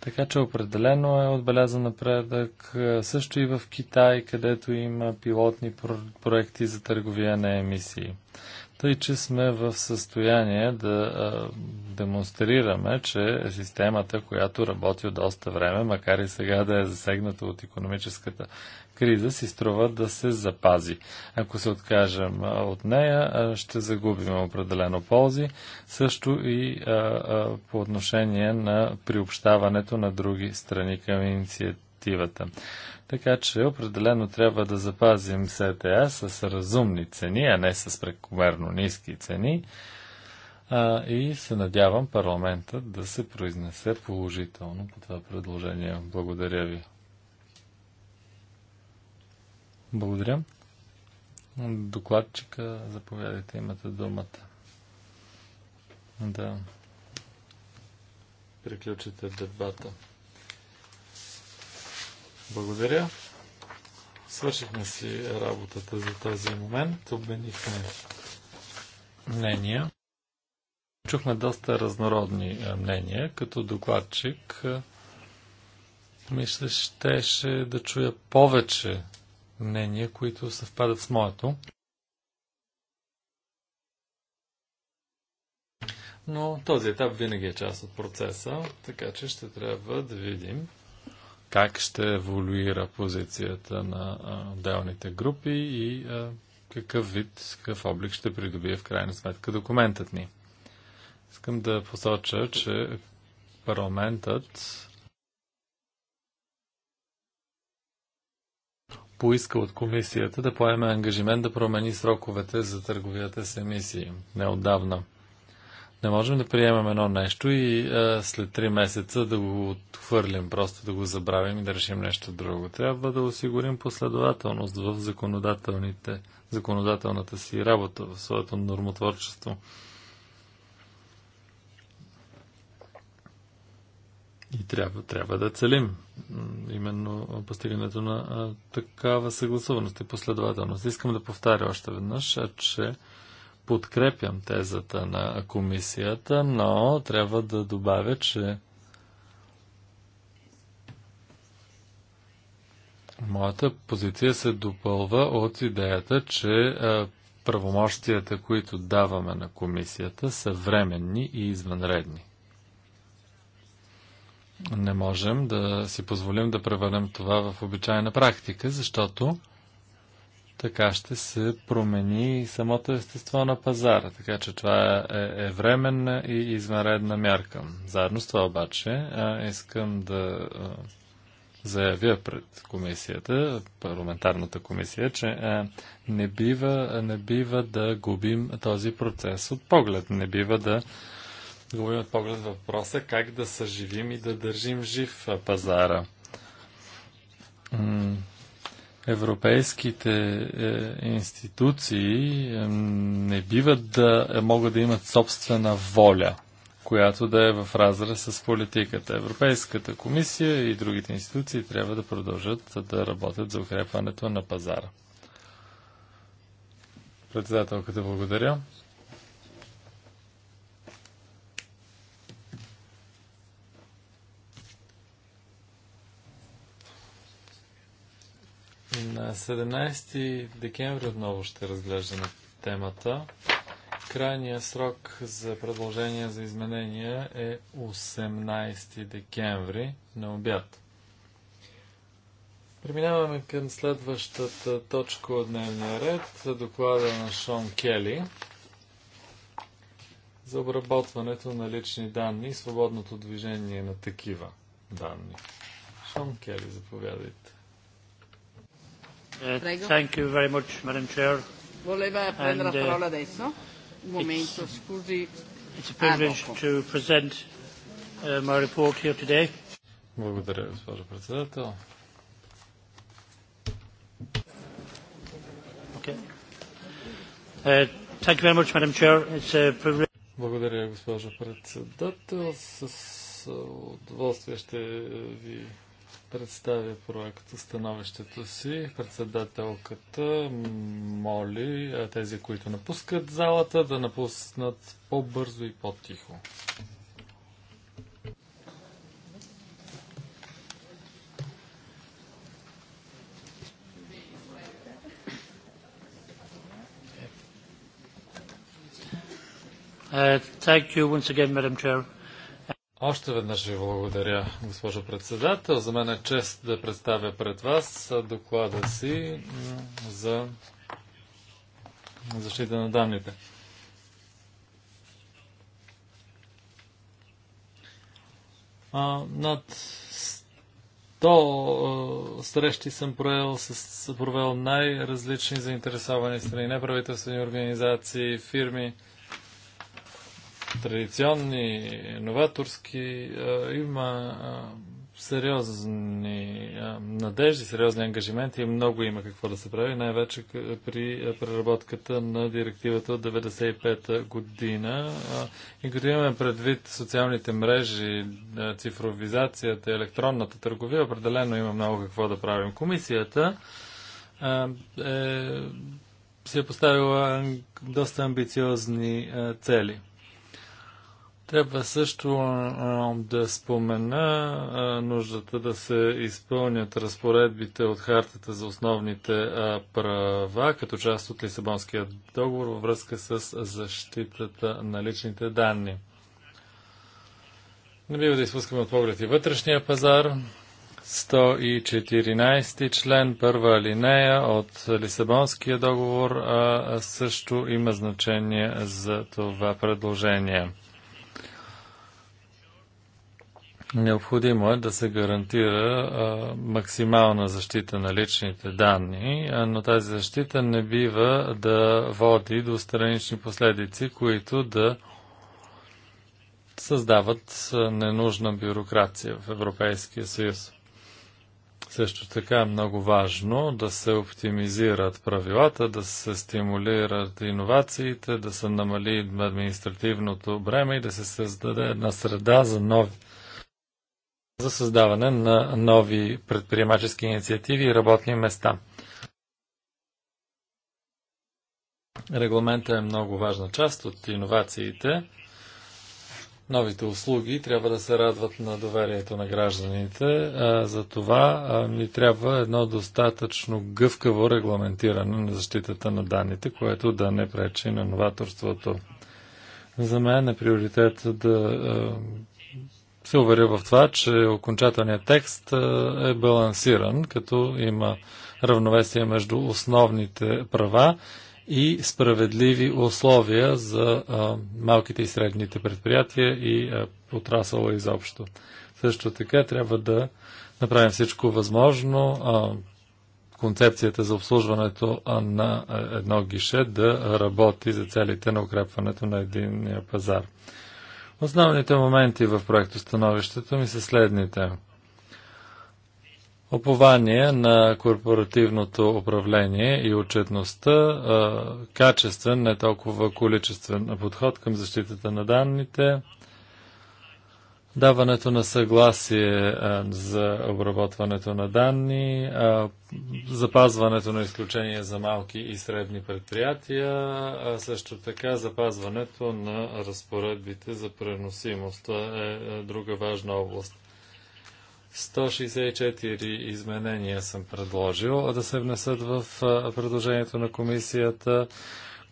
Така че определено е отбелязан напредък. Също и в Китай, където има пилотни проекти за търговия на емисии. Тъй, че сме в състояние да демонстрираме, че системата, която работи от доста време, макар и сега да е засегната от економическата криза, си струва да се запази. Ако се откажем от нея, ще загубим определено ползи, също и по отношение на приобщаването на други страни към инициативата. Така че определено трябва да запазим СТА с разумни цени, а не с прекомерно ниски цени. А, и се надявам парламента да се произнесе положително по това предложение. Благодаря ви. Благодаря. Докладчика, заповядайте, имате думата. Да. Приключите дебата. Благодаря. Свършихме си работата за този момент. Обменихме мнения. Чухме доста разнородни мнения. Като докладчик мисля, щеше да чуя повече мнения, които съвпадат с моето. Но този етап винаги е част от процеса, така че ще трябва да видим как ще еволюира позицията на отделните групи и какъв вид, какъв облик ще придобие в крайна сметка документът ни. Искам да посоча, че парламентът поиска от комисията да поеме ангажимент да промени сроковете за търговията с емисии. Неотдавна. Не можем да приемем едно нещо и а, е, след 3 месеца да го отхвърлим, просто да го забравим и да решим нещо друго. Трябва да осигурим последователност в законодателните, законодателната си работа, в своето нормотворчество. И трябва, трябва да целим именно постигането на а, такава съгласуваност и последователност. Искам да повтаря още веднъж, че подкрепям тезата на комисията, но трябва да добавя, че моята позиция се допълва от идеята, че правомощията, които даваме на комисията, са временни и извънредни. Не можем да си позволим да превърнем това в обичайна практика, защото така ще се промени самото естество на пазара. Така че това е, е временна и извънредна мярка. Заедно с това обаче а, искам да а, заявя пред комисията, парламентарната комисия, че а, не, бива, не бива да губим този процес от поглед. Не бива да губим от поглед въпроса как да съживим и да държим жив пазара европейските е, институции е, не биват да могат да имат собствена воля, която да е в разрез с политиката. Европейската комисия и другите институции трябва да продължат да работят за укрепването на пазара. Председателката, благодаря. На 17 декември отново ще разглеждаме темата. Крайният срок за предложение за изменения е 18 декември на обяд. Преминаваме към следващата точка от дневния ред, доклада на Шон Кели за обработването на лични данни и свободното движение на такива данни. Шон Кели, заповядайте. Prego. Thank you very much, Madam Chair. Voleva prendere la parola adesso? Un momento, scusi. It's a privilege to present uh, my report here today. Благодаря, госпожо председател. Okay. Uh, thank you very much, Madam Chair. It's a privilege. Благодаря, госпожо председател. С удоволствие ще ви представя проекта становището си. Председателката моли тези, които напускат залата, да напуснат по-бързо и по-тихо. Uh, thank you once again, Madam Chair. Още веднъж ви благодаря, госпожо председател. За мен е чест да представя пред вас доклада си за защита на данните. А, над 100 срещи съм провел, с, провел най-различни заинтересовани страни, неправителствени организации, фирми, традиционни, новаторски, има сериозни надежди, сериозни ангажименти и много има какво да се прави, най-вече при преработката на директивата от 1995 година. И като имаме предвид социалните мрежи, цифровизацията, електронната търговия, определено има много какво да правим. Комисията е, си е поставила доста амбициозни цели. Трябва също а, да спомена а, нуждата да се изпълнят разпоредбите от Хартата за основните а, права, като част от Лисабонския договор във връзка с защитата на личните данни. Не бива да изпускаме от поглед и вътрешния пазар. 114 член, първа алинея от Лисабонския договор а, също има значение за това предложение. Необходимо е да се гарантира а, максимална защита на личните данни, но тази защита не бива да води до странични последици, които да създават ненужна бюрокрация в Европейския съюз. Също така е много важно да се оптимизират правилата, да се стимулират иновациите, да се намали административното бреме и да се създаде една среда за нови за създаване на нови предприемачески инициативи и работни места. Регламента е много важна част от иновациите. Новите услуги трябва да се радват на доверието на гражданите. За това ни трябва едно достатъчно гъвкаво регламентиране на защитата на данните, което да не пречи на новаторството. За мен е приоритет да се уверя в това, че окончателният текст е, е балансиран, като има равновесие между основните права и справедливи условия за а, малките и средните предприятия и отрасъла изобщо. Също така трябва да направим всичко възможно а, концепцията за обслужването на едно гише да работи за целите на укрепването на единния пазар. Основните моменти в проекто становището ми са следните. Опование на корпоративното управление и отчетността, качествен, не толкова количествен подход към защитата на данните, даването на съгласие за обработването на данни, запазването на изключения за малки и средни предприятия, а също така запазването на разпоредбите за преносимост. Това е, е друга важна област. 164 изменения съм предложил да се внесат в предложението на комисията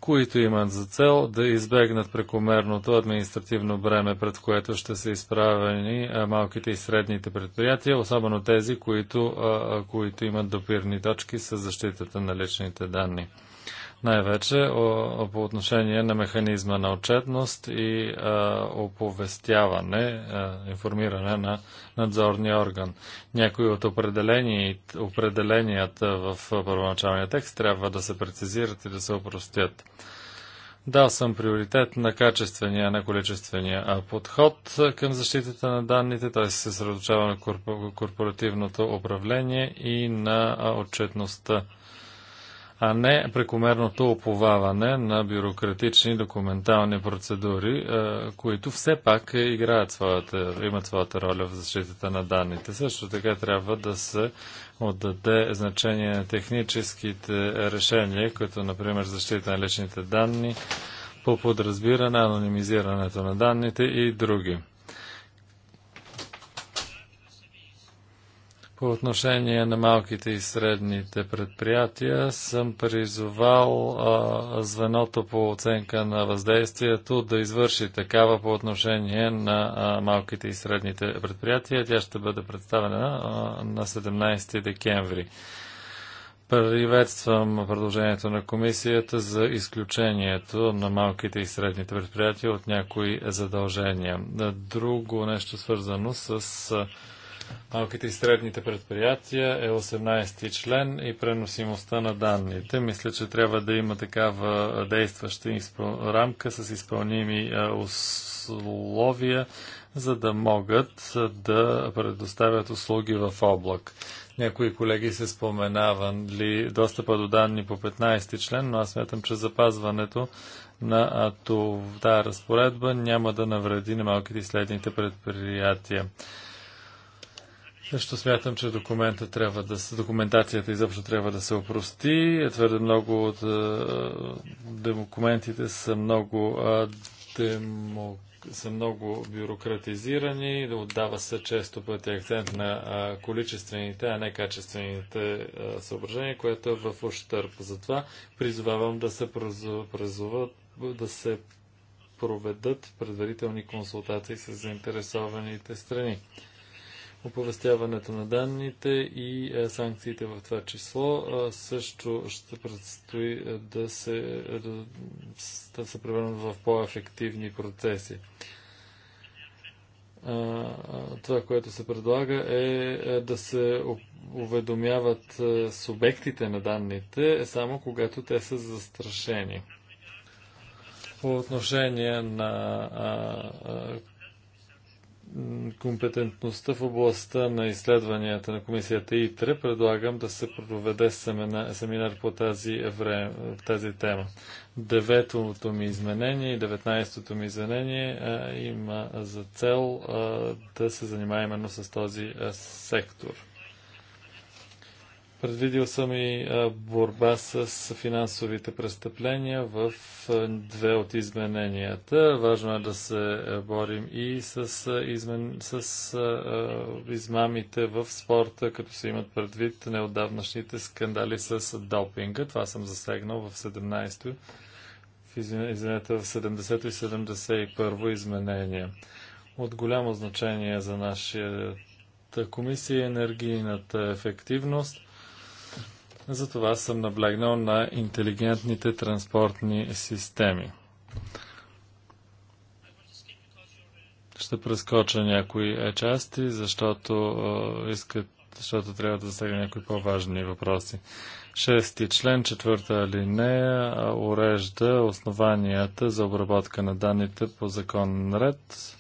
които имат за цел да избегнат прекомерното административно бреме, пред което ще са изправени малките и средните предприятия, особено тези, които, които имат допирни точки с защитата на личните данни най-вече по отношение на механизма на отчетност и а, оповестяване, а, информиране на надзорния орган. Някои от определенията в първоначалния текст трябва да се прецизират и да се опростят. Дал съм приоритет на качествения, на количествения подход към защитата на данните. Той се съсредоточава на корпоративното управление и на отчетността а не прекомерното оповаване на бюрократични документални процедури, които все пак играят своята, имат своята роля в защитата на данните. Също така трябва да се отдаде значение на техническите решения, като например защита на личните данни, по подразбиране, анонимизирането на данните и други. По отношение на малките и средните предприятия съм призовал а, звеното по оценка на въздействието да извърши такава по отношение на а, малките и средните предприятия. Тя ще бъде представена а, на 17 декември. Приветствам предложението на комисията за изключението на малките и средните предприятия от някои задължения. Друго нещо свързано с а, малките и средните предприятия е 18 ти член и преносимостта на данните. Мисля, че трябва да има такава действаща рамка с изпълними условия, за да могат да предоставят услуги в облак. Някои колеги се споменавали достъпа до данни по 15 ти член, но аз смятам, че запазването на това разпоредба няма да навреди на малките и следните предприятия. Също смятам, че документа трябва да се, документацията изобщо трябва да се опрости. Е твърде много от е, документите са много, а, демо, са много бюрократизирани. Отдава се често пъти акцент на а, количествените, а не качествените а, съображения, което е в ущърп. Затова призовавам да се, призова, да се проведат предварителни консултации с заинтересованите страни оповестяването на данните и е, санкциите в това число. Също ще предстои е, да се, е, да се превърнат в по-ефективни процеси това, което се предлага е да се уведомяват субектите на данните само когато те са застрашени. По отношение на компетентността в областта на изследванията на комисията ИТРЕ, предлагам да се проведе семинар, по тази, време, тази тема. Деветото ми изменение и деветнайстото ми изменение а, има за цел а, да се занимаваме именно с този а, сектор. Предвидил съм и борба с финансовите престъпления в две от измененията. Важно е да се борим и с, измен... с измамите в спорта, като се имат предвид неодавнашните скандали с допинга. Това съм засегнал в 17-то, извинете, в 70-то и 71-во изменение. От голямо значение за нашата комисия е енергийната ефективност – затова съм наблегнал на интелигентните транспортни системи. Ще прескоча някои е, части, защото, е, искат, защото трябва да засега някои по-важни въпроси. Шести член, четвърта алинея, е, урежда основанията за обработка на данните по законен ред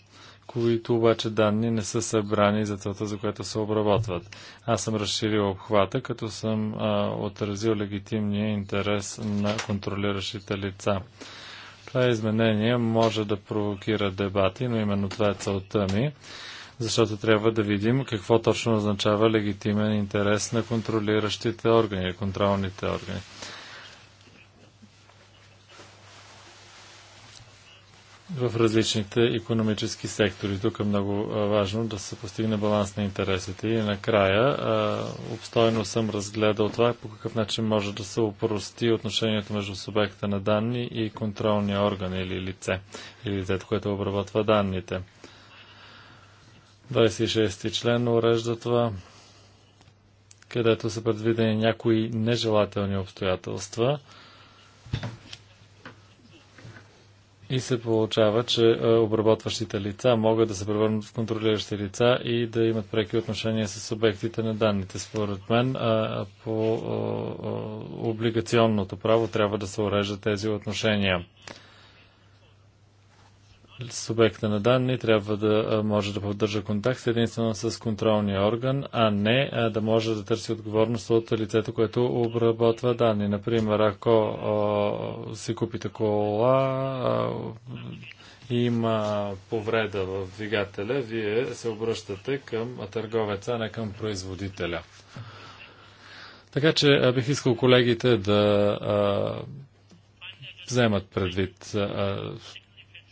които обаче данни не са събрани за целта, за която се обработват. Аз съм разширил обхвата, като съм а, отразил легитимния интерес на контролиращите лица. Това изменение може да провокира дебати, но именно това е целта ми, защото трябва да видим какво точно означава легитимен интерес на контролиращите органи, контролните органи. в различните економически сектори. Тук е много важно да се постигне баланс на интересите. И накрая, обстойно съм разгледал това по какъв начин може да се опрости отношението между субекта на данни и контролния орган или лице, или лицето, което обработва данните. 26 член урежда това, където са предвидени някои нежелателни обстоятелства и се получава, че е, обработващите лица могат да се превърнат в контролиращи лица и да имат преки отношения с обектите на данните. Според мен, е, по е, облигационното право трябва да се урежат тези отношения субекта на данни трябва да може да поддържа контакт единствено с контролния орган, а не да може да търси отговорност от лицето, което обработва данни. Например, ако си купите кола, и има повреда в двигателя, вие се обръщате към търговеца, а не към производителя. Така че бих искал колегите да вземат предвид а,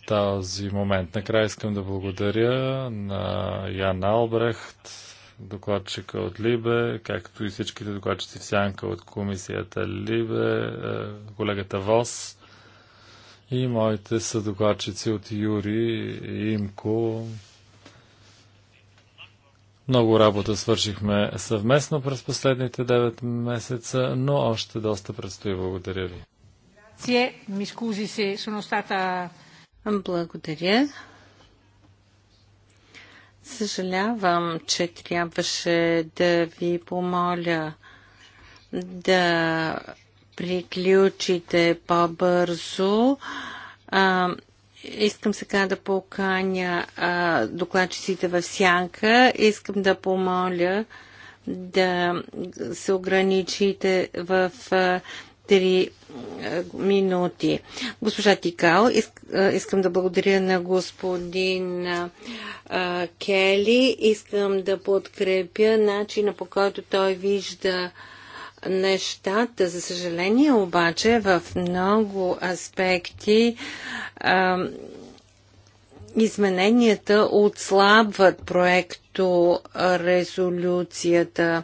този момент. Накрая искам да благодаря на Ян Албрехт, докладчика от Либе, както и всичките докладчици в Сянка от комисията Либе, е, колегата Вос и моите съдокладчици от Юри и Имко. Много работа свършихме съвместно през последните 9 месеца, но още доста предстои. Благодаря ви. Grazie, mi scusi se sono stata благодаря. Съжалявам, че трябваше да ви помоля да приключите по-бързо. искам сега да поканя докладчиците в сянка. Искам да помоля да се ограничите в а, 3 е, минути. Госпожа Тикал, е, искам да благодаря на господин е, Кели. Искам да подкрепя начина по който той вижда нещата. За съжаление обаче в много аспекти измененията отслабват проекто резолюцията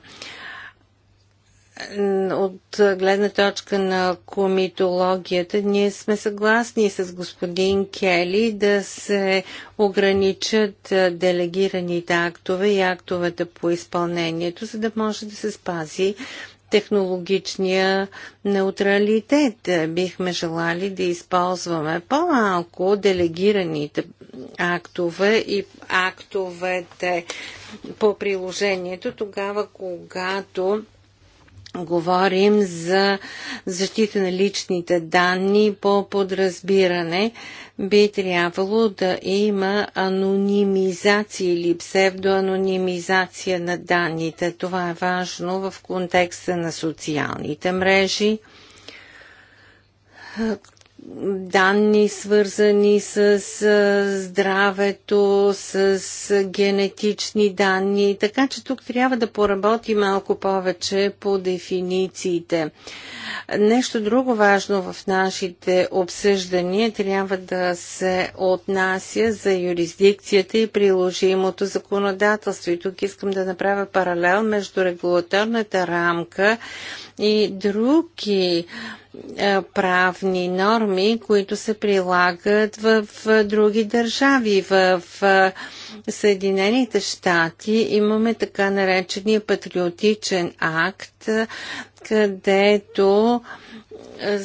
от гледна точка на комитологията, ние сме съгласни с господин Кели да се ограничат делегираните актове и актовете по изпълнението, за да може да се спази технологичния неутралитет. Бихме желали да използваме по-малко делегираните актове и актовете по приложението, тогава когато говорим за защита на личните данни по подразбиране, би трябвало да има анонимизация или псевдоанонимизация на данните. Това е важно в контекста на социалните мрежи, данни, свързани с здравето, с генетични данни, така че тук трябва да поработи малко повече по дефинициите. Нещо друго важно в нашите обсъждания трябва да се отнася за юрисдикцията и приложимото законодателство. И тук искам да направя паралел между регулаторната рамка и други е, правни норми, които се прилагат в други държави. В е, Съединените щати имаме така наречения патриотичен акт, където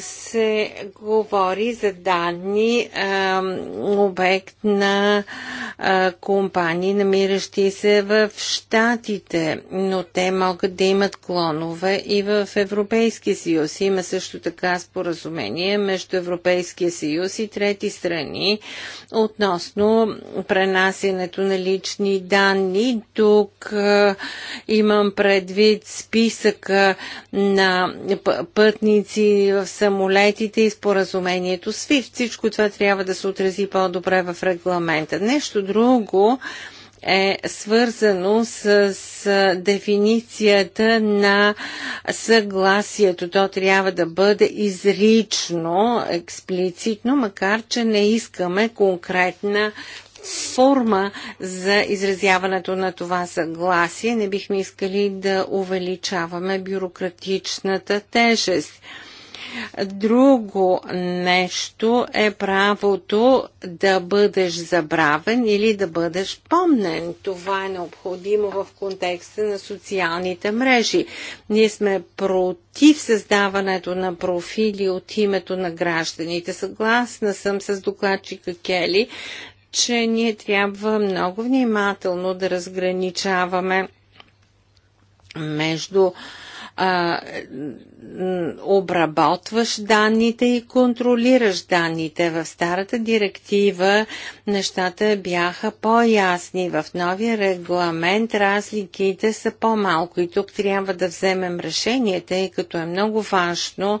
се говори за данни обект на компании, намиращи се в Штатите, но те могат да имат клонове и в Европейския съюз. Има също така споразумение между Европейския съюз и трети страни относно пренасенето на лични данни. Тук имам предвид списъка на пътници в самолетите и споразумението SWIFT. Всичко това трябва да се отрази по-добре в регламента. Нещо друго е свързано с, с дефиницията на съгласието. То трябва да бъде изрично, експлицитно, макар че не искаме конкретна форма за изразяването на това съгласие. Не бихме искали да увеличаваме бюрократичната тежест. Друго нещо е правото да бъдеш забравен или да бъдеш помнен. Това е необходимо в контекста на социалните мрежи. Ние сме против създаването на профили от името на гражданите. Съгласна съм с докладчика Кели, че ние трябва много внимателно да разграничаваме между а, обработваш данните и контролираш данните. В старата директива нещата бяха по-ясни. В новия регламент разликите са по-малко и тук трябва да вземем решенията, тъй като е много важно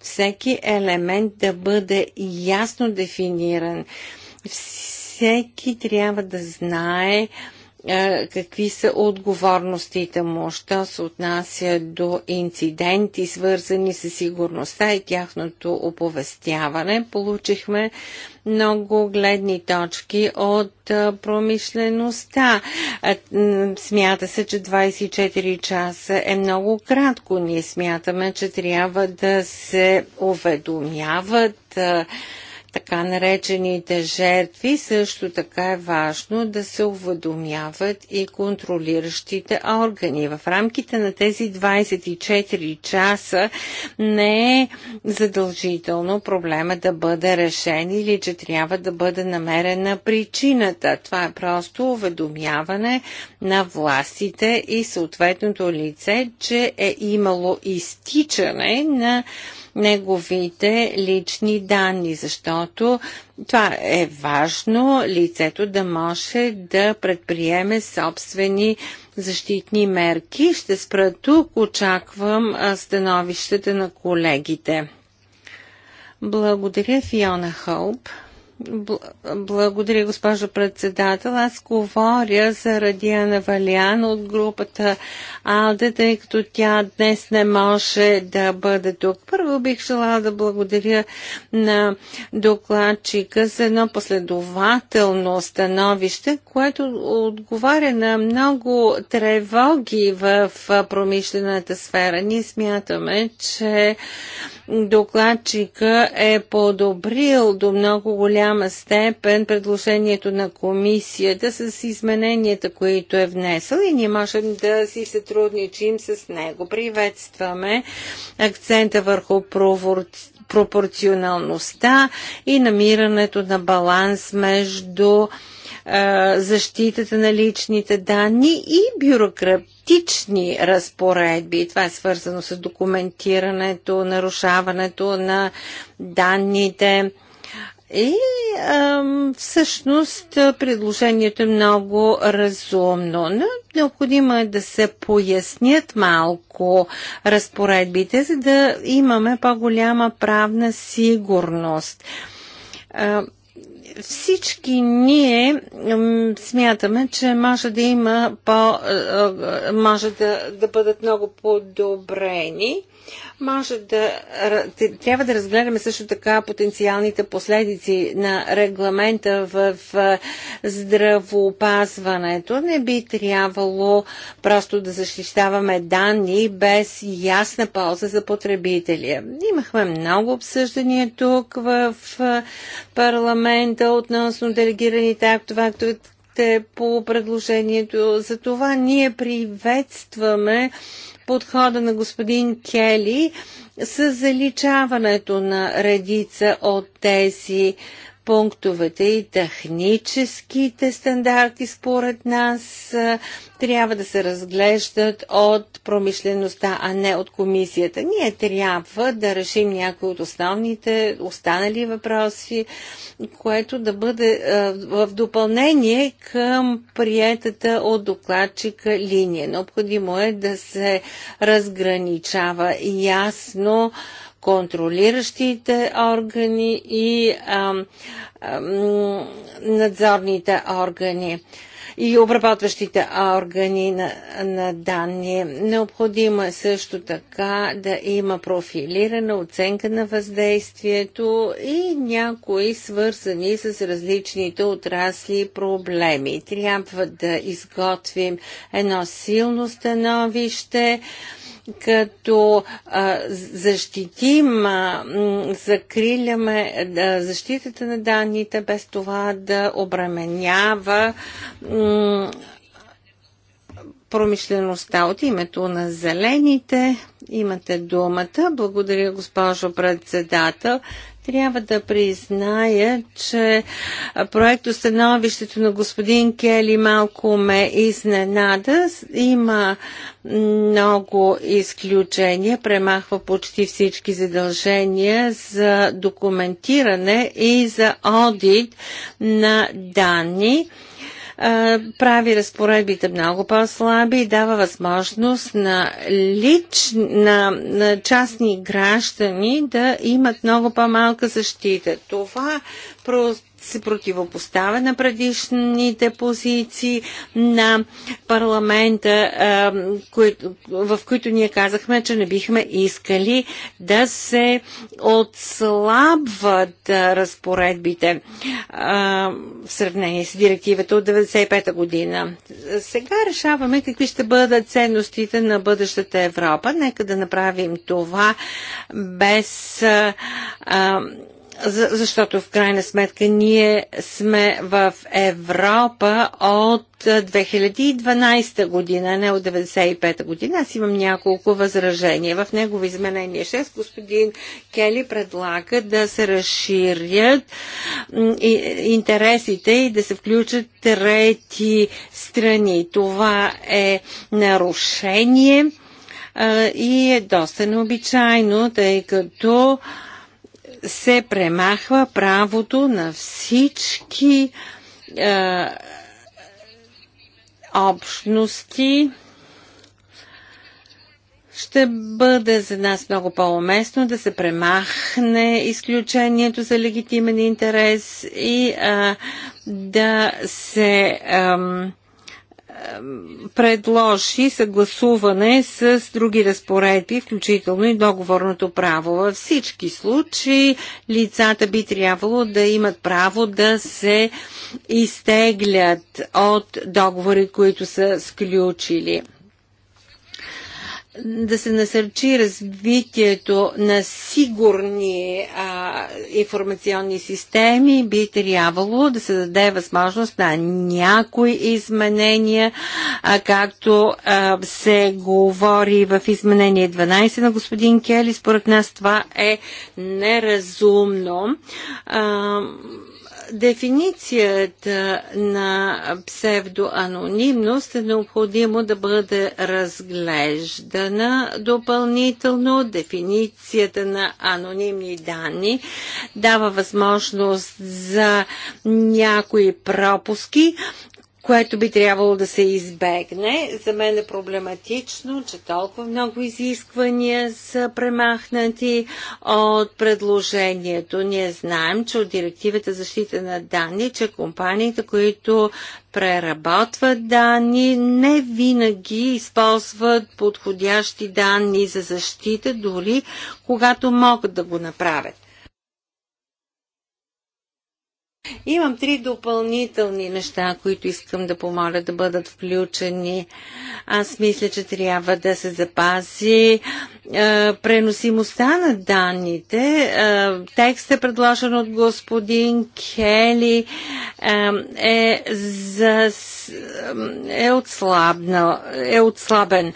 всеки елемент да бъде ясно дефиниран. Всеки трябва да знае а, какви са отговорностите му, що се отнася до инциденти, свързани с сигурността и тяхното оповестяване. Получихме много гледни точки от промишлеността. Смята се, че 24 часа е много кратко. Ние смятаме, че трябва да се уведомяват така наречените жертви, също така е важно да се уведомяват и контролиращите органи. В рамките на тези 24 часа не е задължително проблема да бъде решен или че трябва да бъде намерена причината. Това е просто уведомяване на властите и съответното лице, че е имало изтичане на неговите лични данни, защото това е важно лицето да може да предприеме собствени защитни мерки. Ще спра тук, очаквам становищата на колегите. Благодаря, Фиона Хоуп. Благодаря, госпожо председател. Аз говоря за Радиана Валян от групата АЛДЕ, тъй като тя днес не може да бъде тук. Първо бих желала да благодаря на докладчика за едно последователно становище, което отговаря на много тревоги в промишлената сфера. Ние смятаме, че докладчика е подобрил до много голям голяма степен предложението на комисията с измененията, които е внесъл и ние можем да си сътрудничим с него. Приветстваме акцента върху пропорционалността и намирането на баланс между защитата на личните данни и бюрократични разпоредби. Това е свързано с документирането, нарушаването на данните, и ам, всъщност предложението е много разумно. Но необходимо е да се пояснят малко разпоредбите, за да имаме по-голяма правна сигурност. Ам, всички ние смятаме, че може да има по, може да, да бъдат много подобрени може да, трябва да разгледаме също така потенциалните последици на регламента в здравоопазването. Не би трябвало просто да защищаваме данни без ясна полза за потребителя. Имахме много обсъждания тук в парламента относно делегираните актове, актовете по предложението. За това ние приветстваме подхода на господин Кели с заличаването на редица от тези пунктовете и техническите стандарти, според нас, трябва да се разглеждат от промишлеността, а не от комисията. Ние трябва да решим някои от основните останали въпроси, което да бъде в допълнение към приетата от докладчика линия. Необходимо е да се разграничава ясно контролиращите органи и а, а, надзорните органи и обработващите органи на, на данни. Необходимо е също така да има профилирана оценка на въздействието и някои свързани с различните отрасли проблеми. Трябва да изготвим едно силно становище като а, защитим, а, закриляме а, защитата на данните, без това да обременява а, промишлеността. От името на зелените имате думата. Благодаря, госпожо председател. Трябва да призная, че проекто становището на господин Кели малко ме изненада. Има много изключения, премахва почти всички задължения за документиране и за одит на данни прави разпоредбите много по-слаби и дава възможност на, лич, на, на частни граждани да имат много по-малка защита. Това се противопоставя на предишните позиции на парламента, в които ние казахме, че не бихме искали да се отслабват разпоредбите в сравнение с директивата от 1995 година. Сега решаваме какви ще бъдат ценностите на бъдещата Европа. Нека да направим това без защото в крайна сметка ние сме в Европа от 2012 е, година, не от 1995 година. Аз имам няколко възражения. В негово изменение 6 господин Кели предлага да се разширят интересите и да се включат трети страни. Това е нарушение е, и е доста необичайно, тъй като се премахва правото на всички е, общности. Ще бъде за нас много по-уместно да се премахне изключението за легитимен интерес и е, да се. е, предложи съгласуване с други разпоредби, включително и договорното право. Във всички случаи лицата би трябвало да имат право да се изтеглят от договори, които са сключили да се насърчи развитието на сигурни а, информационни системи, би трябвало да се даде възможност на някои изменения, а, както а, се говори в изменение 12 на господин Кели. Според нас това е неразумно. А, Дефиницията на псевдоанонимност е необходимо да бъде разглеждана допълнително. Дефиницията на анонимни данни дава възможност за някои пропуски което би трябвало да се избегне. За мен е проблематично, че толкова много изисквания са премахнати от предложението. Ние знаем, че от директивата защита на данни, че компаниите, които преработват данни, не винаги използват подходящи данни за защита, дори когато могат да го направят. Имам три допълнителни неща, които искам да помоля да бъдат включени. Аз мисля, че трябва да се запази е, преносимостта на данните. Е, текстът е предложен от господин Кели е, е за, е, отслабнал, е отслабен.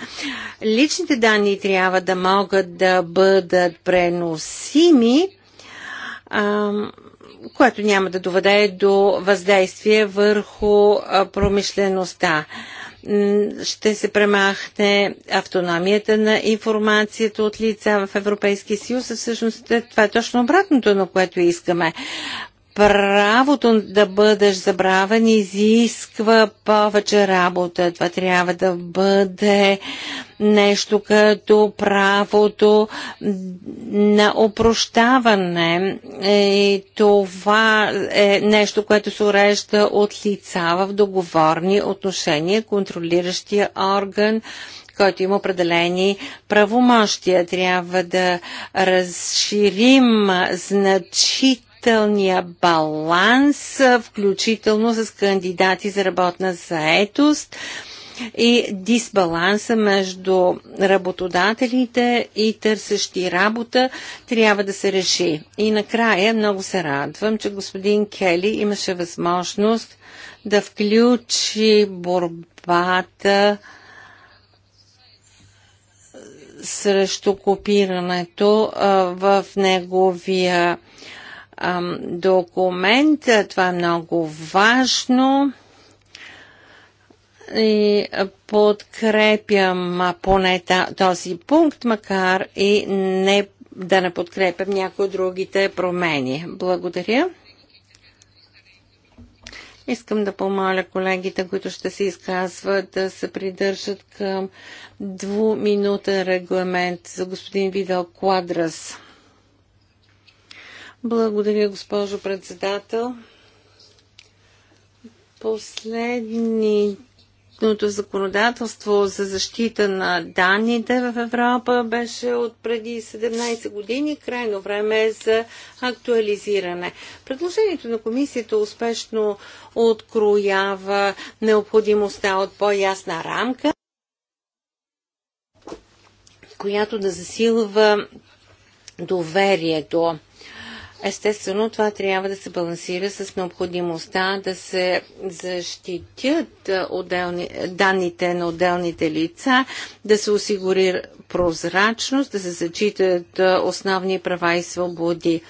Личните данни трябва да могат да бъдат преносими. Е, което няма да доведе до въздействие върху промишлеността. Ще се премахне автономията на информацията от лица в Европейския съюз, всъщност е, това е точно обратното, на което искаме правото да бъдеш забравен изисква повече работа. Това трябва да бъде нещо като правото на опрощаване. И това е нещо, което се урежда от лица в договорни отношения. Контролиращия орган който има определени правомощия. Трябва да разширим значително положителния баланс, включително с кандидати за работна заетост и дисбаланса между работодателите и търсещи работа трябва да се реши. И накрая много се радвам, че господин Кели имаше възможност да включи борбата срещу копирането в неговия документ. Е, това е много важно и подкрепям поне този пункт, макар и не да не подкрепям някои от другите промени. Благодаря. Искам да помоля колегите, които ще се изказват, да се придържат към двуминутен регламент за господин Видал Квадрас. Благодаря, госпожо председател. Последното законодателство за защита на данните в Европа беше от преди 17 години. Крайно време е за актуализиране. Предложението на комисията успешно откроява необходимостта от по-ясна рамка която да засилва доверието. Естествено, това трябва да се балансира с необходимостта да се защитят отделни, данните на отделните лица, да се осигури прозрачност, да се зачитат основни права и свободи.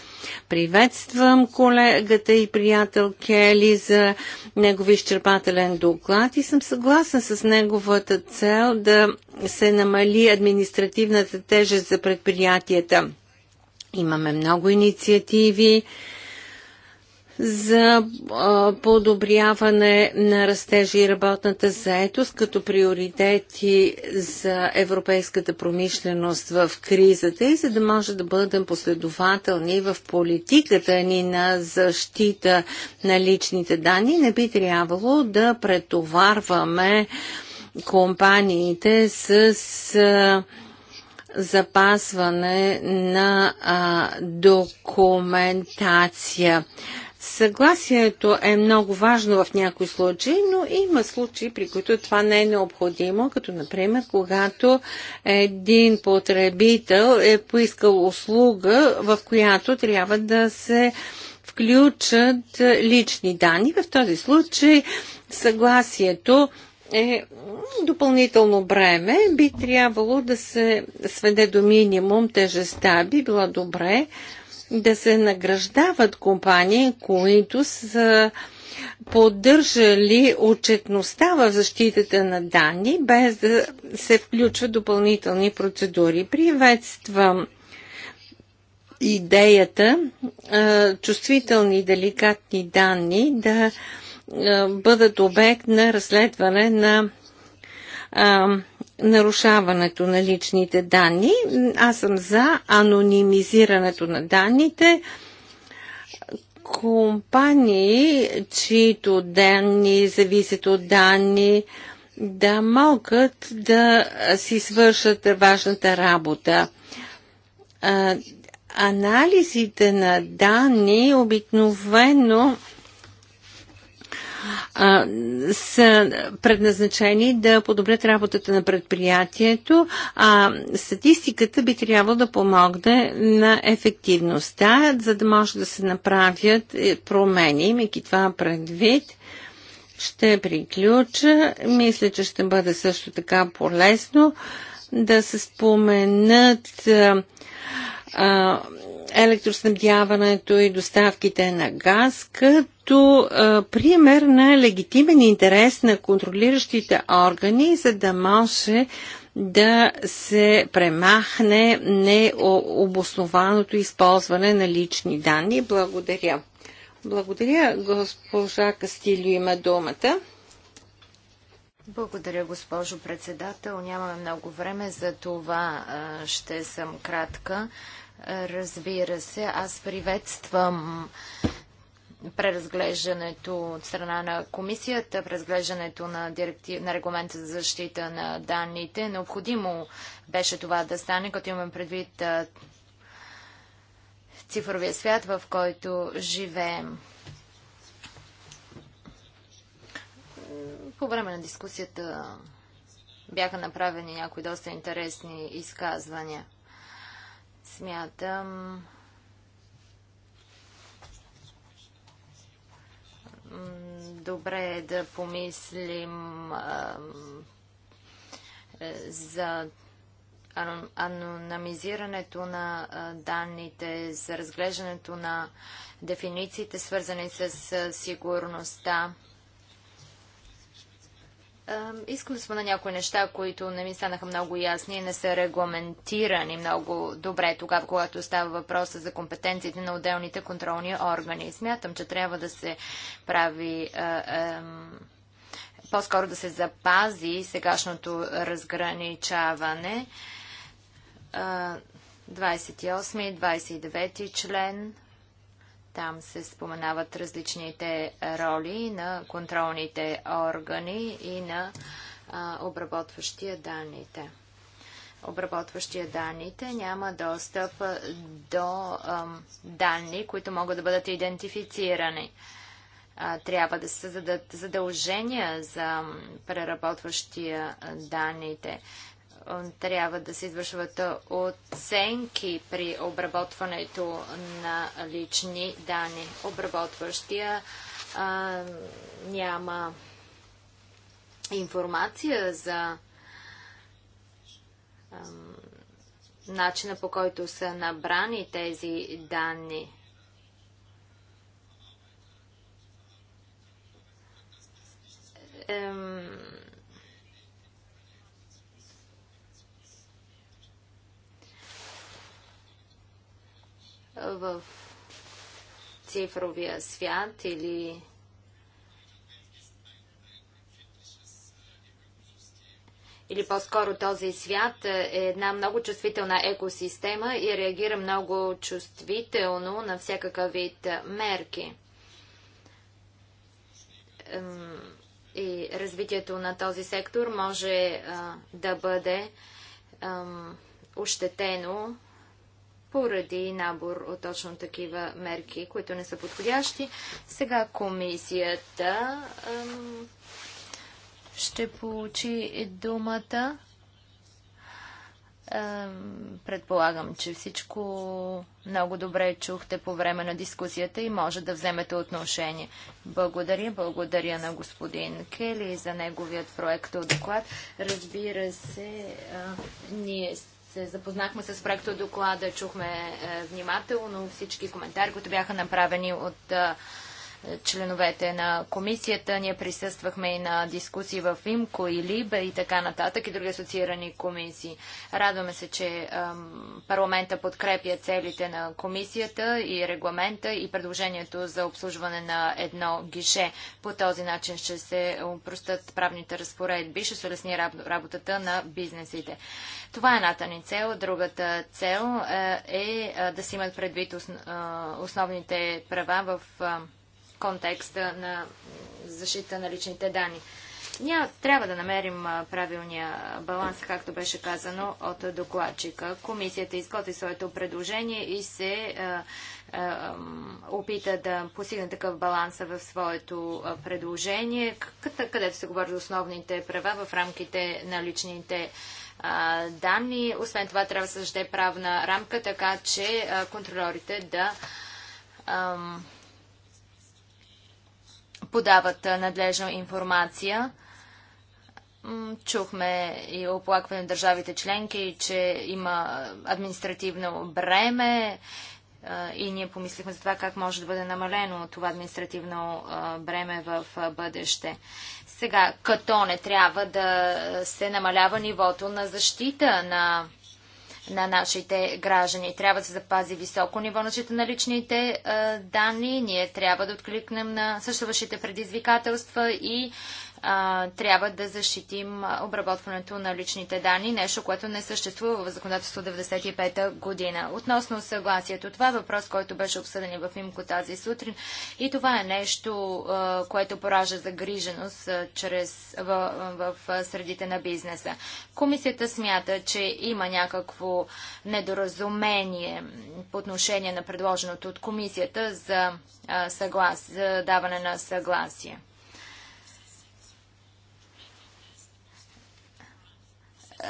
Приветствам колегата и приятел Кели за негови изчерпателен доклад и съм съгласен с неговата цел да се намали административната тежест за предприятията. Имаме много инициативи за подобряване на растежа и работната заетост като приоритети за европейската промишленост в кризата и за да може да бъдем последователни в политиката ни на защита на личните данни, не би трябвало да претоварваме компаниите с запазване на а, документация. Съгласието е много важно в някои случаи, но има случаи, при които това не е необходимо, като например, когато един потребител е поискал услуга, в която трябва да се включат лични данни. В този случай съгласието е допълнително бреме, би трябвало да се сведе до минимум тежеста. Би било добре да се награждават компании, които са поддържали отчетността в защитата на данни, без да се включват допълнителни процедури. Приветствам идеята чувствителни и деликатни данни да бъдат обект на разследване на а, нарушаването на личните данни. Аз съм за анонимизирането на данните. Компании, чието данни зависят от данни, да могат да си свършат важната работа. анализите на данни обикновено са предназначени да подобрят работата на предприятието, а статистиката би трябвало да помогне на ефективността, за да може да се направят е, промени, имайки това предвид. Ще приключа. Мисля, че ще бъде също така полезно да се споменат а, електроснабдяването и доставките на газ, като а, пример на легитимен интерес на контролиращите органи, за да може да се премахне необоснованото използване на лични данни. Благодаря. Благодаря. Госпожа Кастилю има думата. Благодаря, госпожо председател. Нямаме много време, за това ще съм кратка. Разбира се, аз приветствам преразглеждането от страна на комисията, преразглеждането на, директив, на регламента за защита на данните. Необходимо беше това да стане, като имам предвид цифровия свят, в който живеем. По време на дискусията бяха направени някои доста интересни изказвания. Смятам, добре е да помислим а, е, за анонимизирането на данните, за разглеждането на дефинициите, свързани с сигурността. Искам да спомена някои неща, които не ми станаха много ясни и не са регламентирани много добре тогава, когато става въпроса за компетенциите на отделните контролни органи. Смятам, че трябва да се прави по-скоро да се запази сегашното разграничаване. 28 и 29 член там се споменават различните роли на контролните органи и на а, обработващия данните. Обработващия данните няма достъп до а, данни, които могат да бъдат идентифицирани. А, трябва да се създадат задължения за преработващия данните трябва да се извършват оценки при обработването на лични данни. Обработващия а, няма информация за а, начина по който са набрани тези данни. Ем, в цифровия свят или или по-скоро този свят е една много чувствителна екосистема и реагира много чувствително на всякакъв вид мерки. И развитието на този сектор може да бъде ощетено поради набор от точно такива мерки, които не са подходящи. Сега комисията ще получи думата. предполагам, че всичко много добре чухте по време на дискусията и може да вземете отношение. Благодаря, благодаря на господин Кели за неговият проект от доклад. Разбира се, ние сте се запознахме с проекта доклада, чухме е, внимателно всички коментари, които бяха направени от е, членовете на комисията. Ние присъствахме и на дискусии в ИМКО и ЛИБЕ и така нататък и други асоциирани комисии. Радваме се, че парламента подкрепя целите на комисията и регламента и предложението за обслужване на едно гише. По този начин ще се упростат правните разпоредби, ще се лесни работата на бизнесите. Това е едната ни цел. Другата цел е, е, е да си имат предвид основните права в контекста на защита на личните данни. Ние трябва да намерим правилния баланс, както беше казано от докладчика. Комисията изготви своето предложение и се опита да постигне такъв баланс в своето предложение, където се говори за основните права в рамките на личните данни. Освен това трябва да създаде правна рамка, така че контролерите да подават надлежна информация. Чухме и оплакване на държавите членки, че има административно бреме и ние помислихме за това как може да бъде намалено това административно бреме в бъдеще. Сега, като не трябва да се намалява нивото на защита на на нашите граждани. Трябва да се запази високо ниво на на личните е, данни. Ние трябва да откликнем на съществуващите предизвикателства и трябва да защитим обработването на личните данни, нещо, което не съществува в законодателство 95-та година. Относно съгласието, това е въпрос, който беше обсъден в Имко тази сутрин и това е нещо, което поража загриженост чрез, в, в, в средите на бизнеса. Комисията смята, че има някакво недоразумение по отношение на предложеното от комисията за, съглас, за даване на съгласие.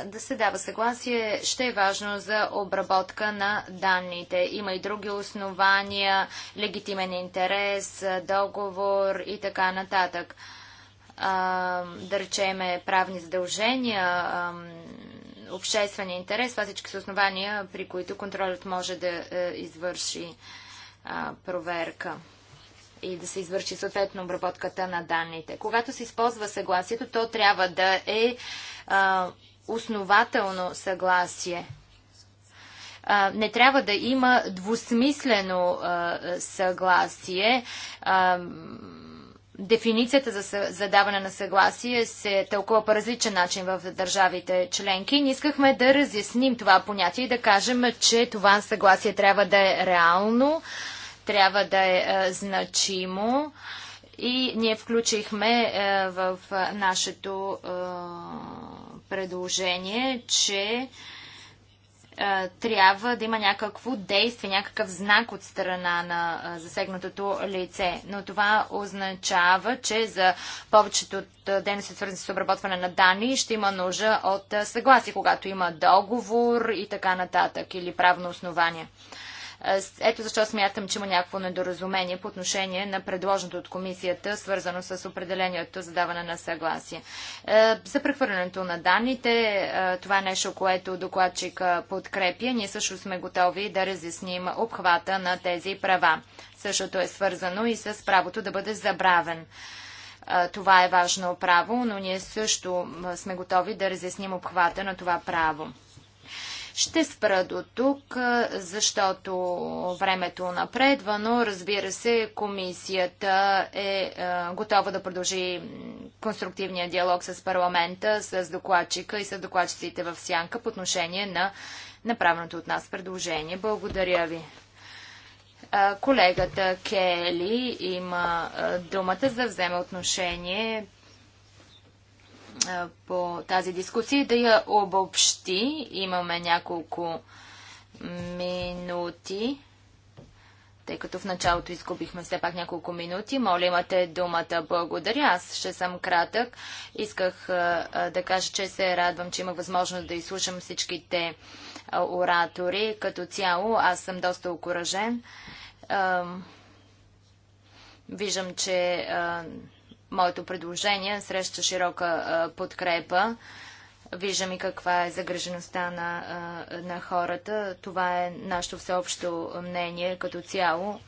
да се дава съгласие ще е важно за обработка на данните. Има и други основания, легитимен интерес, договор и така нататък. да речеме правни задължения, обществен интерес, това всички са основания, при които контролът може да е, извърши проверка и да се извърши съответно обработката на данните. Когато се използва съгласието, то трябва да е а, основателно съгласие. не трябва да има двусмислено съгласие. дефиницията за, задаване на съгласие се тълкува по различен начин в държавите членки. Ние искахме да разясним това понятие и да кажем, че това съгласие трябва да е реално, трябва да е значимо. И ние включихме в нашето предложение, че трябва да има някакво действие, някакъв знак от страна на засегнатото лице. Но това означава, че за повечето от дейности, свързани с обработване на данни, ще има нужда от съгласие, когато има договор и така нататък или правно основание. Ето защо смятам, че има някакво недоразумение по отношение на предложеното от комисията, свързано с определението за даване на съгласие. За прехвърлянето на данните, това е нещо, което докладчик подкрепя. Ние също сме готови да разясним обхвата на тези права. Същото е свързано и с правото да бъде забравен. Това е важно право, но ние също сме готови да разясним обхвата на това право. Ще спра до тук, защото времето напредва, но разбира се, комисията е готова да продължи конструктивния диалог с парламента, с докладчика и с докладчиците в Сянка по отношение на направеното от нас предложение. Благодаря ви. Колегата Кели има думата за да вземе отношение по тази дискусия да я обобщи. Имаме няколко минути, тъй като в началото изгубихме все пак няколко минути. Моля, имате думата. Благодаря. Аз ще съм кратък. Исках да кажа, че се радвам, че имах възможност да изслушам всичките оратори. Като цяло, аз съм доста окоръжен. Виждам, че моето предложение среща широка подкрепа. Виждам и каква е загрежеността на, на хората. Това е нашето всеобщо мнение като цяло.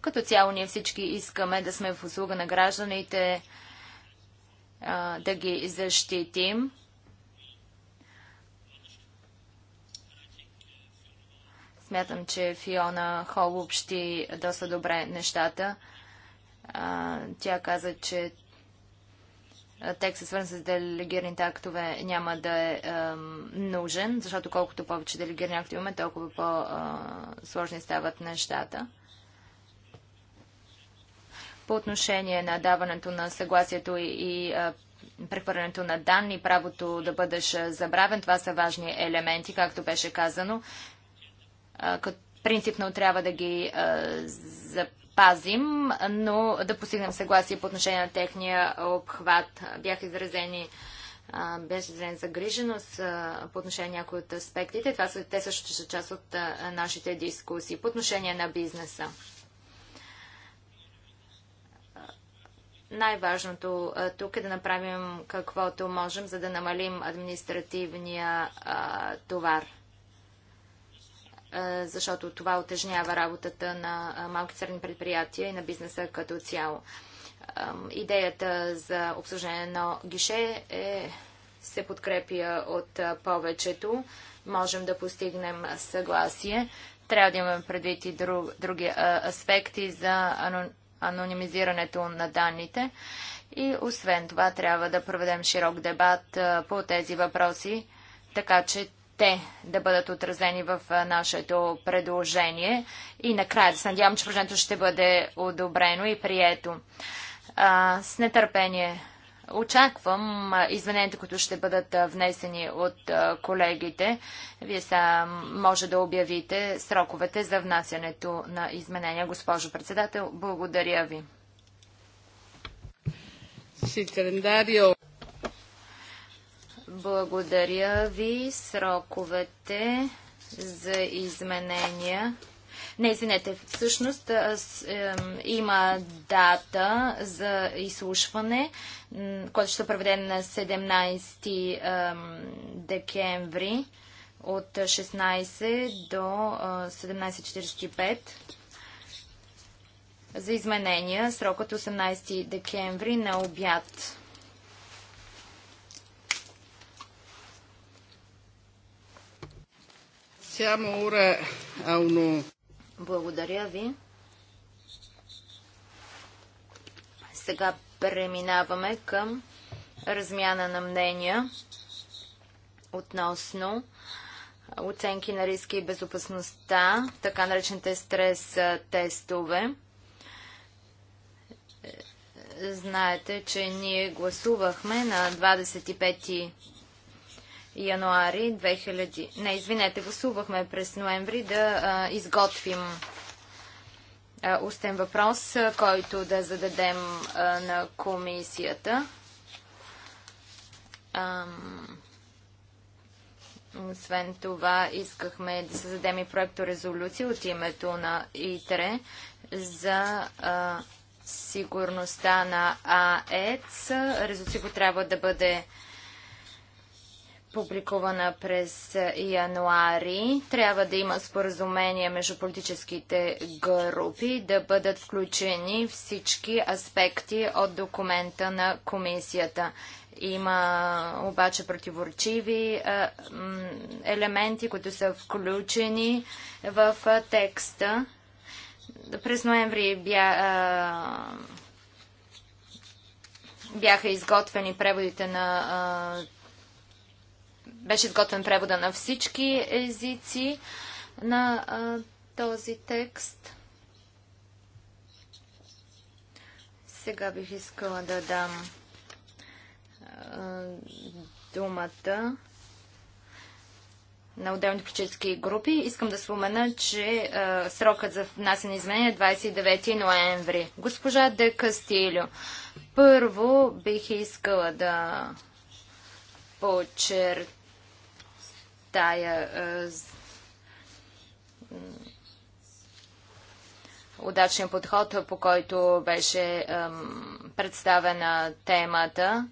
като цяло ние всички искаме да сме в услуга на гражданите, да ги защитим. Смятам, че Фиона Хол общи доста добре нещата. А, тя каза, че текстът свързан с делегираните актове няма да е, е нужен, защото колкото повече делегирани актове имаме, толкова по-сложни стават нещата. По отношение на даването на съгласието и, и прехвърлянето на данни, правото да бъдеш забравен, това са важни елементи, както беше казано принципно трябва да ги запазим, но да постигнем съгласие по отношение на техния обхват. Бях изразени беше изразен загриженост по отношение на някои от аспектите. Това са, те също са част от нашите дискусии по отношение на бизнеса. най-важното тук е да направим каквото можем, за да намалим административния товар защото това отежнява работата на малки средни предприятия и на бизнеса като цяло. Идеята за обслужване на гише е, се подкрепя от повечето. Можем да постигнем съгласие. Трябва да имаме предвид и друг, други аспекти за анонимизирането на данните. И освен това трябва да проведем широк дебат по тези въпроси, така че те да бъдат отразени в нашето предложение. И накрая да се надявам, че предложението ще бъде одобрено и прието. А, с нетърпение очаквам измененията, които ще бъдат внесени от колегите. Вие са може да обявите сроковете за внасянето на изменения. Госпожо председател, благодаря ви. Благодаря ви. Сроковете за изменения. Не, извинете, всъщност аз, е, има дата за изслушване, който ще проведе на 17 декември от 16 до 17.45 за изменения. Срокът 18 е декември на обяд. Благодаря ви. Сега преминаваме към размяна на мнения относно оценки на риски и безопасността, така наречените стрес тестове. Знаете, че ние гласувахме на 25 януари 2000... Не, извинете, гласувахме през ноември да а, изготвим а, устен въпрос, а, който да зададем а, на комисията. Ам... Освен това, искахме да създадем и проекто резолюция от името на ИТРЕ за а, сигурността на АЕЦ. Резолюцията трябва да бъде публикувана през януари. Трябва да има споразумение между политическите групи, да бъдат включени всички аспекти от документа на комисията. Има обаче противоречиви елементи, които са включени в текста. През ноември бя, а, бяха изготвени преводите на беше изготвен превода на всички езици на а, този текст. Сега бих искала да дам а, думата на отделни политически групи. Искам да спомена, че а, срокът за внасяне изменение е 29 ноември. Госпожа Де Кастилю, първо бих искала да подчертая, тая удачен подход, по който беше представена темата.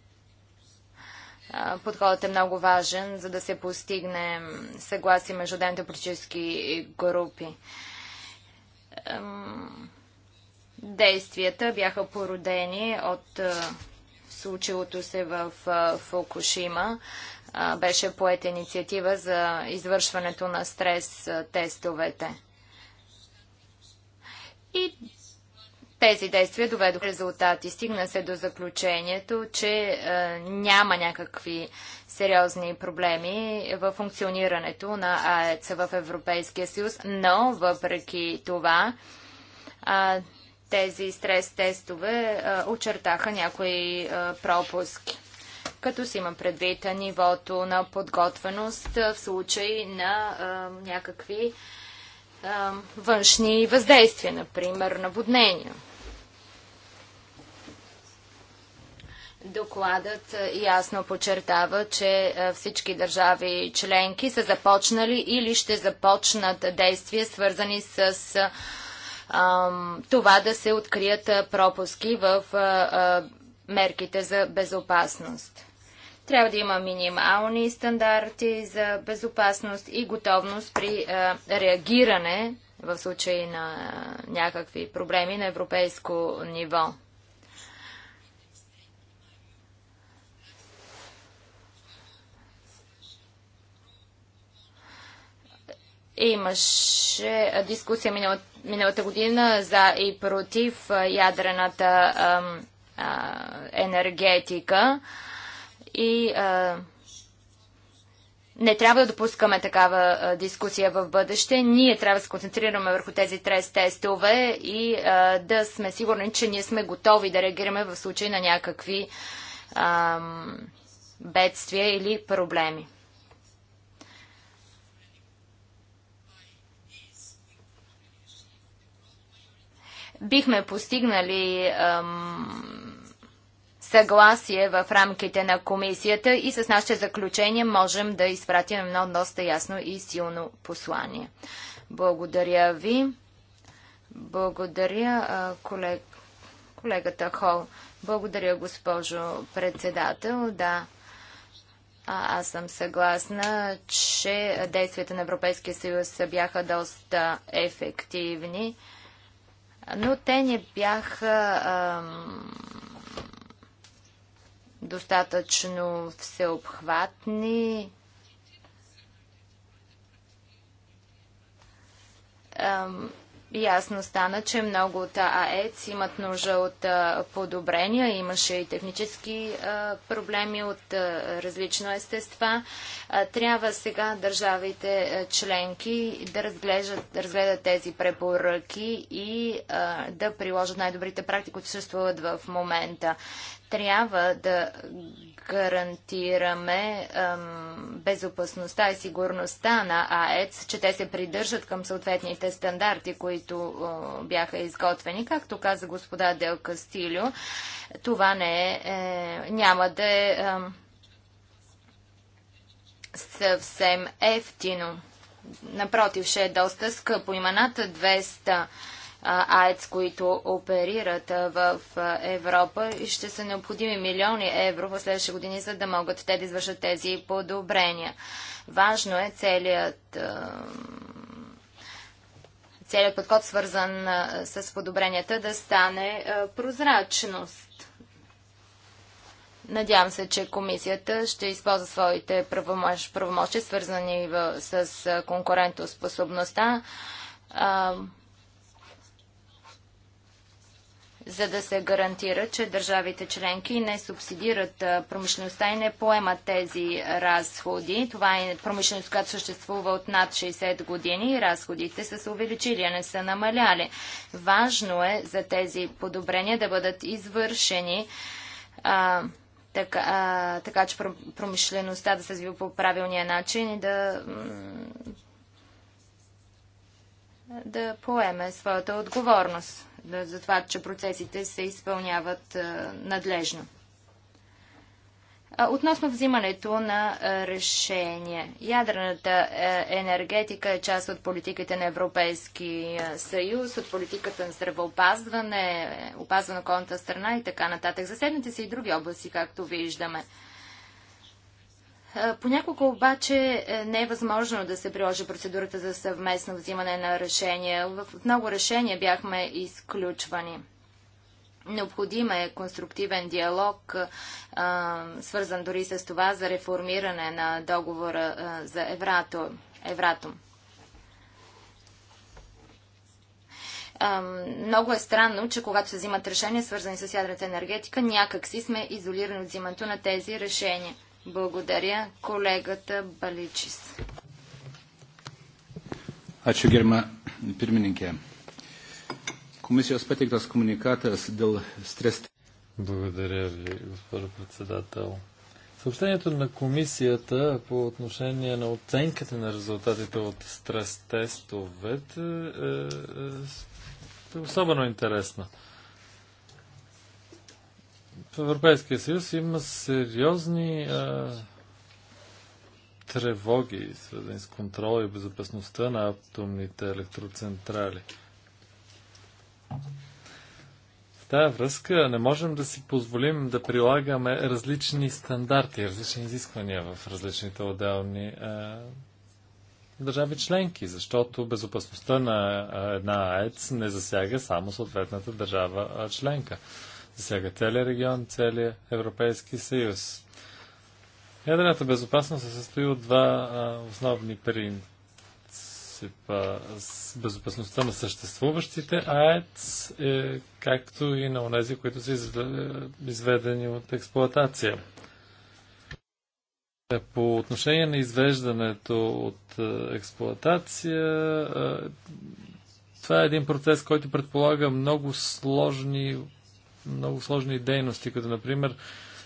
Подходът е много важен, за да се постигне съгласие между отделните политически групи. Действията бяха породени от случилото се в Фукушима беше поет инициатива за извършването на стрес тестовете. И тези действия доведоха резултати. Стигна се до заключението, че е, няма някакви сериозни проблеми в функционирането на АЕЦ в Европейския съюз, но въпреки това е, тези стрес тестове е, очертаха някои е, пропуски като се има предвид нивото на подготвеност в случай на а, някакви а, външни въздействия, например наводнения. Докладът ясно подчертава, че всички държави членки са започнали или ще започнат действия, свързани с това да се открият пропуски в а, а, мерките за безопасност. Трябва да има минимални стандарти за безопасност и готовност при реагиране в случай на някакви проблеми на европейско ниво. Имаше дискусия миналата година за и против ядрената енергетика и а, не трябва да допускаме такава а, дискусия в бъдеще. Ние трябва да се концентрираме върху тези стрес тестове и а, да сме сигурни, че ние сме готови да реагираме в случай на някакви а, бедствия или проблеми. Бихме постигнали ам, съгласие в рамките на комисията и с нашите заключения можем да изпратим едно доста ясно и силно послание. Благодаря ви. Благодаря, колег... колегата Хол. Благодаря, госпожо председател. Да, аз съм съгласна, че действията на Европейския съюз бяха доста ефективни, но те не бяха ам, достатъчно всеобхватни. Ясно стана, че много от АЕЦ имат нужда от подобрения. Имаше и технически проблеми от различно естества. трябва сега държавите членки да разглеждат, да разгледат тези препоръки и да приложат най-добрите практики, които съществуват в момента трябва да гарантираме ем, безопасността и сигурността на АЕЦ, че те се придържат към съответните стандарти, които е, бяха изготвени. Както каза господа Дел Кастилю, това не е, е няма да е, е съвсем ефтино. Напротив, ще е доста скъпо. Има над 200 АЕЦ, които оперират в Европа и ще са необходими милиони евро в следващите години, за да могат те да извършат тези подобрения. Важно е целият целият подход, свързан с подобренията, да стане прозрачност. Надявам се, че комисията ще използва своите правомощи, свързани с конкурентоспособността за да се гарантира, че държавите членки не субсидират промишлеността и не поемат тези разходи. Това е промишленост, която съществува от над 60 години и разходите са се увеличили, а не са намаляли. Важно е за тези подобрения да бъдат извършени а, така, а, така, че промишлеността да се развива по правилния начин и да да поеме своята отговорност за това, че процесите се изпълняват надлежно. Относно взимането на решение, ядрената енергетика е част от политиките на Европейския съюз, от политиката на здравеопазване, опазване на конта страна и така нататък. Заседнете се и други области, както виждаме. Е, понякога обаче е, не е възможно да се приложи процедурата за съвместно взимане на решения. В много решения бяхме изключвани. Необходим е конструктивен диалог, е, свързан дори с това за реформиране на договора за Еврато, много е странно, че когато се взимат решения, свързани с ядрената енергетика, някакси сме изолирани от взимането на тези решения. Благодаря колегата Баличис. Ačiū germa pirmininkė. Комисijos pateiktas komunikatas dėl стрес. Благодаря ви, госпожо председател. Съобщението на комисията по отношение на оценката на резултатите от стрес тестовете е, е, е, е особено интересно в Европейския съюз има сериозни а, тревоги, свързани с контрола и безопасността на атомните електроцентрали. В тази връзка не можем да си позволим да прилагаме различни стандарти, различни изисквания в различните отделни а, държави членки, защото безопасността на една АЕЦ не засяга само съответната държава членка засяга целият регион, целият Европейски съюз. Ядрената безопасност се състои от два а, основни принципа. Безопасността на съществуващите АЕЦ, е, както и на онези, които са изведени от експлоатация. По отношение на извеждането от експлоатация, това е един процес, който предполага много сложни много сложни дейности, като например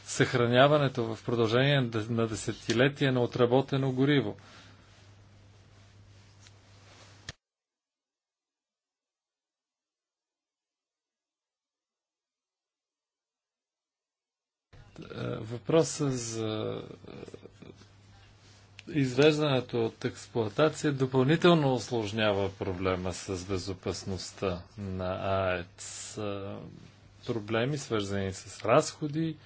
съхраняването в продължение на десетилетия на отработено гориво. Е, Въпросът за е, извеждането от експлоатация допълнително осложнява проблема с безопасността на АЕЦ. Е, проблеми, свързани с разходи,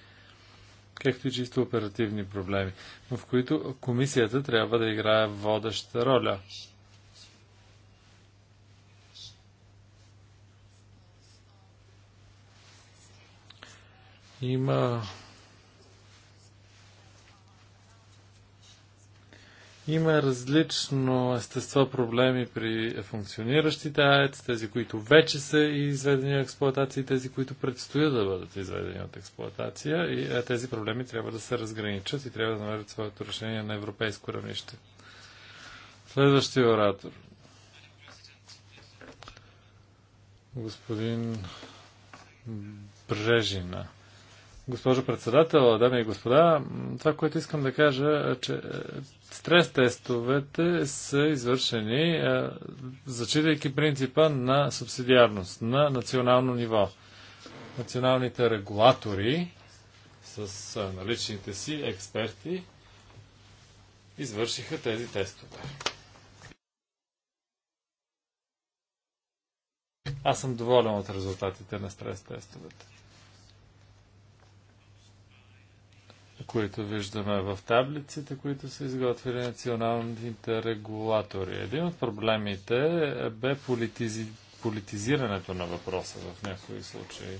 както и чисто оперативни проблеми, в които комисията трябва да играе водеща роля. Има Има различно естество проблеми при функциониращите АЕЦ, тези, които вече са изведени от експлуатация и тези, които предстоят да бъдат изведени от експлоатация. И тези проблеми трябва да се разграничат и трябва да намерят своето решение на европейско равнище. Следващия оратор. Господин Брежина. Госпожо председател, дами и господа, това, което искам да кажа, е, че е, Стрес тестовете са извършени, е, зачитайки принципа на субсидиарност на национално ниво. Националните регулатори с е, наличните си експерти извършиха тези тестове. Аз съм доволен от резултатите на стрес тестовете. които виждаме в таблиците, които са изготвили националните регулатори. Един от проблемите бе политизи... политизирането на въпроса в някои случаи.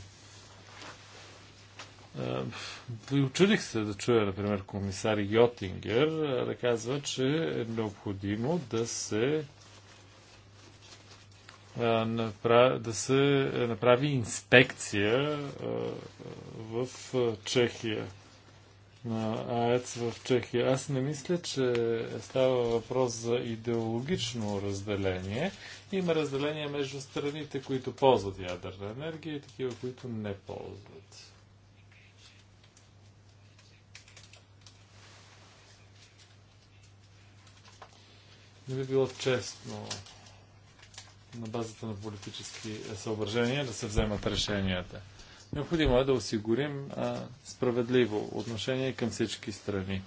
Е, очудих се да чуя, например, комисар Йотингер е, да казва, че е необходимо да се е, да се направи инспекция в Чехия на АЕЦ в Чехия. Аз не мисля, че става въпрос за идеологично разделение. Има разделение между страните, които ползват ядърна енергия и такива, които не ползват. Не би било честно на базата на политически съображения да се вземат решенията. Необходимо е да осигурим а, справедливо отношение към всички страни.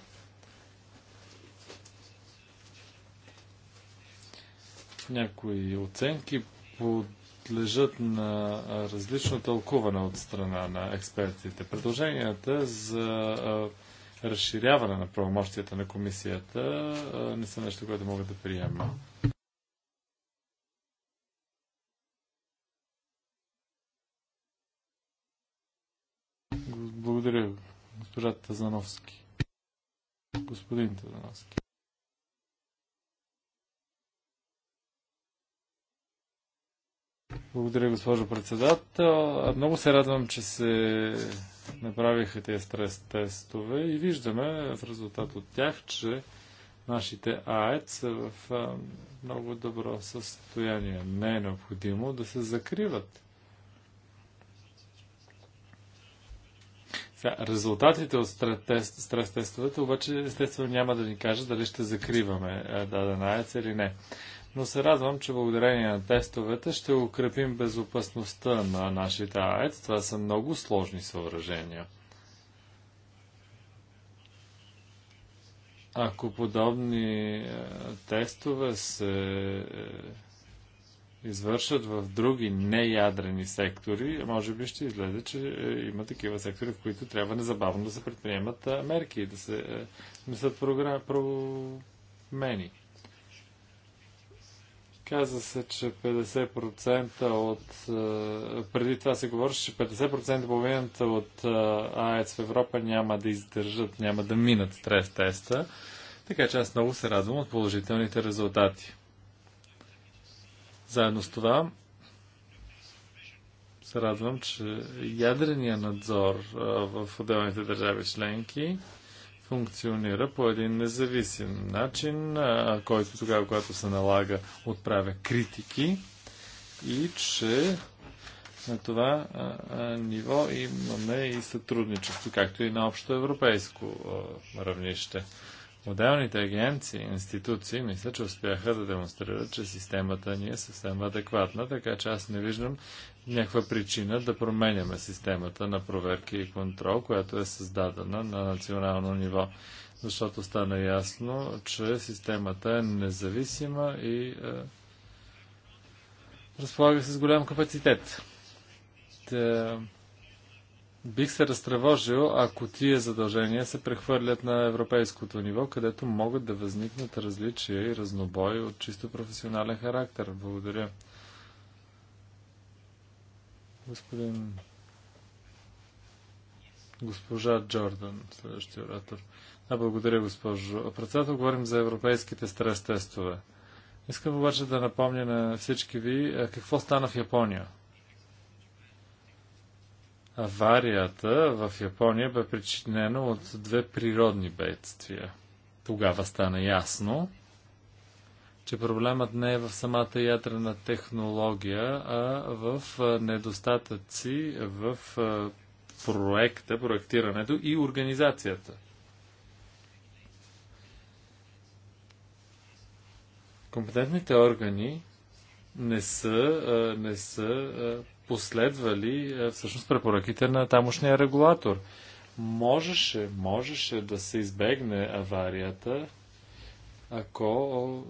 Някои оценки подлежат на различно тълкуване от страна на експертите. Предложенията за а, разширяване на правомощията на комисията а, не са нещо, което могат да приема. госпожа Тазановски. Господин Тазановски. Благодаря, госпожо председател. Много се радвам, че се направиха тези стрес тестове и виждаме в резултат от тях, че нашите АЕЦ са в много добро състояние. Не е необходимо да се закриват. Резултатите от стрес тестовете обаче естествено няма да ни кажат дали ще закриваме дадена аец или не. Но се радвам, че благодарение на тестовете ще укрепим безопасността на нашите аец. Това са много сложни съоръжения. Ако подобни тестове се е, извършат в други неядрени сектори, може би ще излезе, че е, има такива сектори, в които трябва незабавно да се предприемат е, мерки и да се внесат промени. Каза се, че 50% от... Е, преди това се говореше, че 50% половината от АЕЦ в Европа няма да издържат, няма да минат стрес теста. Така че аз много се радвам от положителните резултати. Заедно с това се радвам, че ядрения надзор в отделните държави членки функционира по един независим начин, който тогава, когато се налага, отправя критики и че на това ниво имаме и сътрудничество, както и на общо европейско равнище. Отделните агенции, институции, мисля, че успяха да демонстрират, че системата ни е съвсем адекватна, така че аз не виждам някаква причина да променяме системата на проверки и контрол, която е създадена на национално ниво. Защото стана ясно, че системата е независима и е, разполага с голям капацитет. Те, Бих се разтревожил, ако тия задължения се прехвърлят на европейското ниво, където могат да възникнат различия и разнобои от чисто професионален характер. Благодаря. Господин... Госпожа Джордан, следващия оратор. А, благодаря, госпожо. Председател, говорим за европейските стрес тестове. Искам обаче да напомня на всички ви какво стана в Япония. Аварията в Япония бе причинена от две природни бедствия. Тогава стана ясно, че проблемът не е в самата ядрена технология, а в недостатъци в проекта, проектирането и организацията. Компетентните органи не са, не са последвали е, всъщност препоръките на тамошния регулатор. Можеше, можеше да се избегне аварията, ако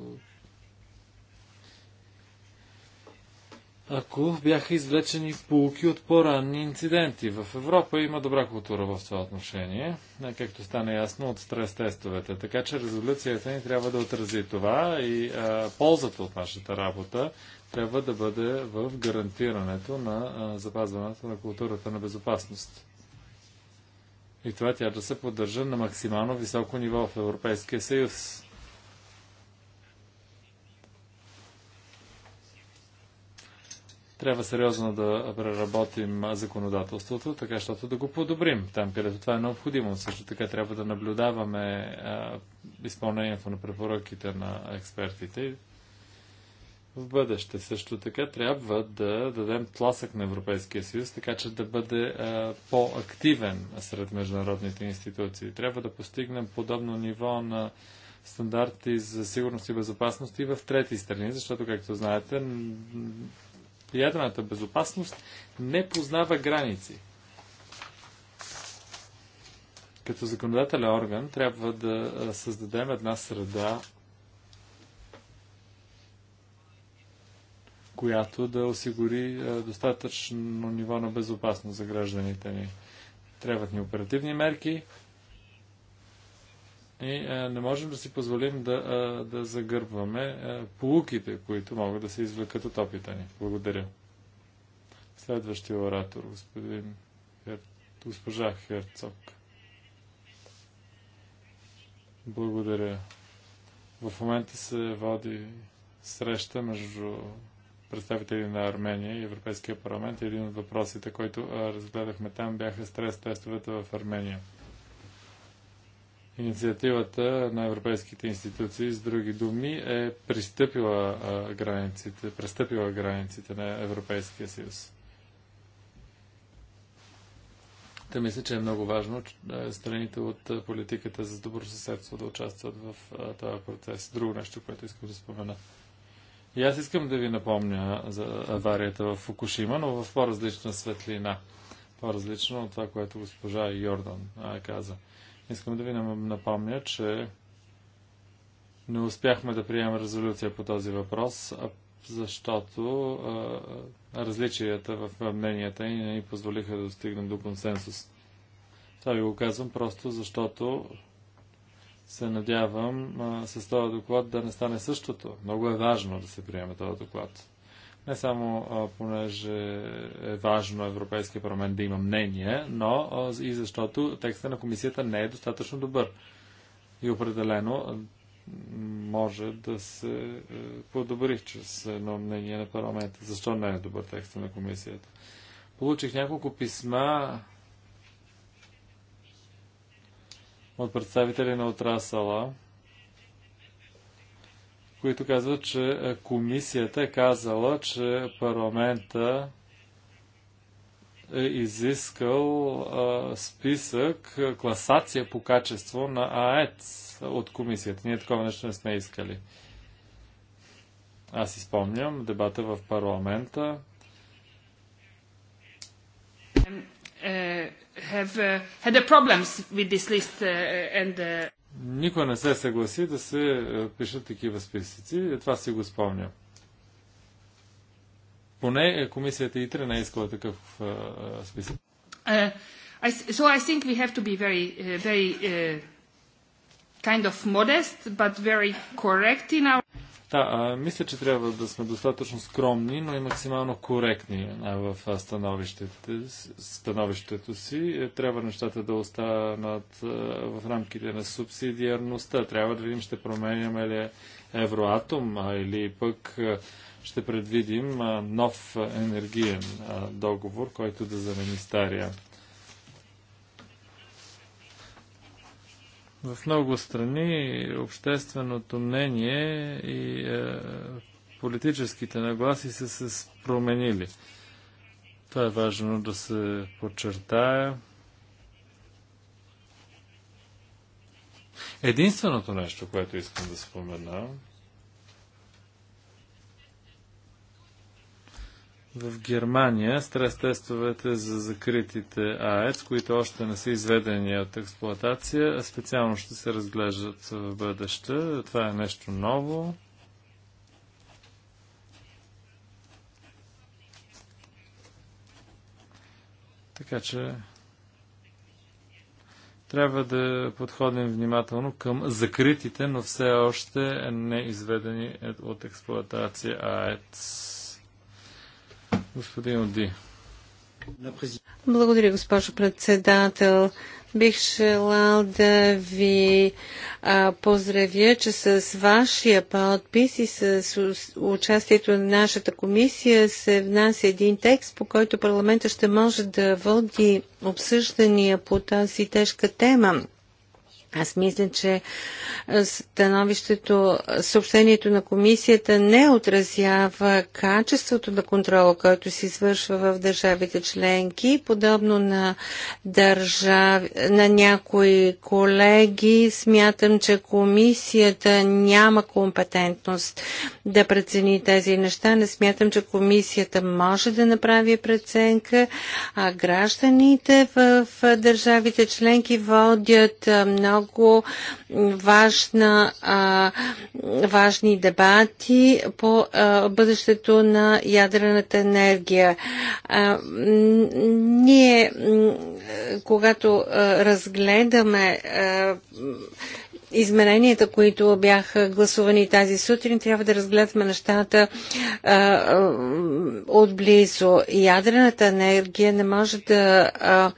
ако бяха извлечени полуки от по-ранни инциденти. В Европа има добра култура в това отношение, е, както стана ясно от стрес-тестовете. Така че резолюцията ни трябва да отрази това и а, е, ползата от нашата работа трябва да бъде в гарантирането на запазването на културата на безопасност. И това тя да се поддържа на максимално високо ниво в Европейския съюз. Трябва сериозно да преработим законодателството, така щото да го подобрим там, където това е необходимо. Също така трябва да наблюдаваме а, изпълнението на препоръките на експертите в бъдеще. Също така трябва да дадем тласък на Европейския съюз, така че да бъде по-активен сред международните институции. Трябва да постигнем подобно ниво на стандарти за сигурност и безопасност и в трети страни, защото, както знаете, ядрената безопасност не познава граници. Като законодателен орган трябва да създадем една среда която да осигури е, достатъчно ниво на безопасност за гражданите ни. Трябват ни оперативни мерки и е, не можем да си позволим да, е, да загърбваме полуките, които могат да се извлекат от опита ни. Благодаря. Следващия оратор, господин Хер... госпожа Херцог. Благодаря. В момента се води среща между представители на Армения и Европейския парламент. Един от въпросите, който разгледахме там, бяха стрес-тестовете в Армения. Инициативата на европейските институции, с други думи, е пристъпила границите, престъпила границите на Европейския съюз. Та мисля, че е много важно страните от политиката за добро съседство да участват в този процес. Друго нещо, което искам да спомена. И аз искам да ви напомня за аварията в Фукушима, но в по-различна светлина. По-различно от това, което госпожа Йордан каза. Искам да ви напомня, че не успяхме да приемем резолюция по този въпрос, защото различията в мненията ни позволиха да достигнем до консенсус. Това ви го казвам просто защото се надявам а, с този доклад да не стане същото. Много е важно да се приеме този доклад. Не само а, понеже е важно Европейския парламент да има мнение, но а, и защото текста на комисията не е достатъчно добър. И определено може да се е, подобри чрез едно мнение на парламента. Защо не е добър текста на комисията? Получих няколко писма от представители на отрасала, които казват, че е, комисията е казала, че парламента е изискал а, списък, класация по качество на АЕЦ от комисията. Ние такова нещо не сме искали. Аз изпомням дебата в парламента. Е, have uh, had a problems with this list uh, and uh... Никой не се съгласи да се пишат такива списъци. Това си го спомня. Поне комисията ИТРЕ не е искала такъв uh, списък. Uh, I, so I think we have to be very, uh, very uh, kind of modest, but very correct in our... Да, а, мисля, че трябва да сме достатъчно скромни, но и максимално коректни а, в становището, становището си. Е, трябва нещата да останат а, в рамките на субсидиарността. Трябва да видим, ще променяме ли евроатом а, или пък а, ще предвидим а, нов енергиен а, договор, който да замени стария. В много страни общественото мнение и е, политическите нагласи са се променили. Това е важно да се подчертая. Единственото нещо, което искам да спомена, В Германия стрес тестовете за закритите АЕЦ, които още не са изведени от експлоатация, специално ще се разглеждат в бъдеще. Това е нещо ново. Така че трябва да подходим внимателно към закритите, но все още не изведени от експлоатация АЕЦ. Господин Оди. Благодаря, госпожо председател. Бих желал да ви а, поздравя, че с вашия подпис и с участието на нашата комисия се внася един текст, по който парламента ще може да води обсъждания по тази тежка тема. Аз мисля, че становището, съобщението на комисията не отразява качеството на контрола, който се извършва в държавите членки. Подобно на, държав... на някои колеги, смятам, че комисията няма компетентност да прецени тези неща. Не смятам, че комисията може да направи преценка, а гражданите в държавите членки водят много много важна, а, важни дебати по а, бъдещето на ядрената енергия. А, ние, когато а, разгледаме а, измененията, които бяха гласувани тази сутрин, трябва да разгледаме нещата а, отблизо. Ядрената енергия не може да а,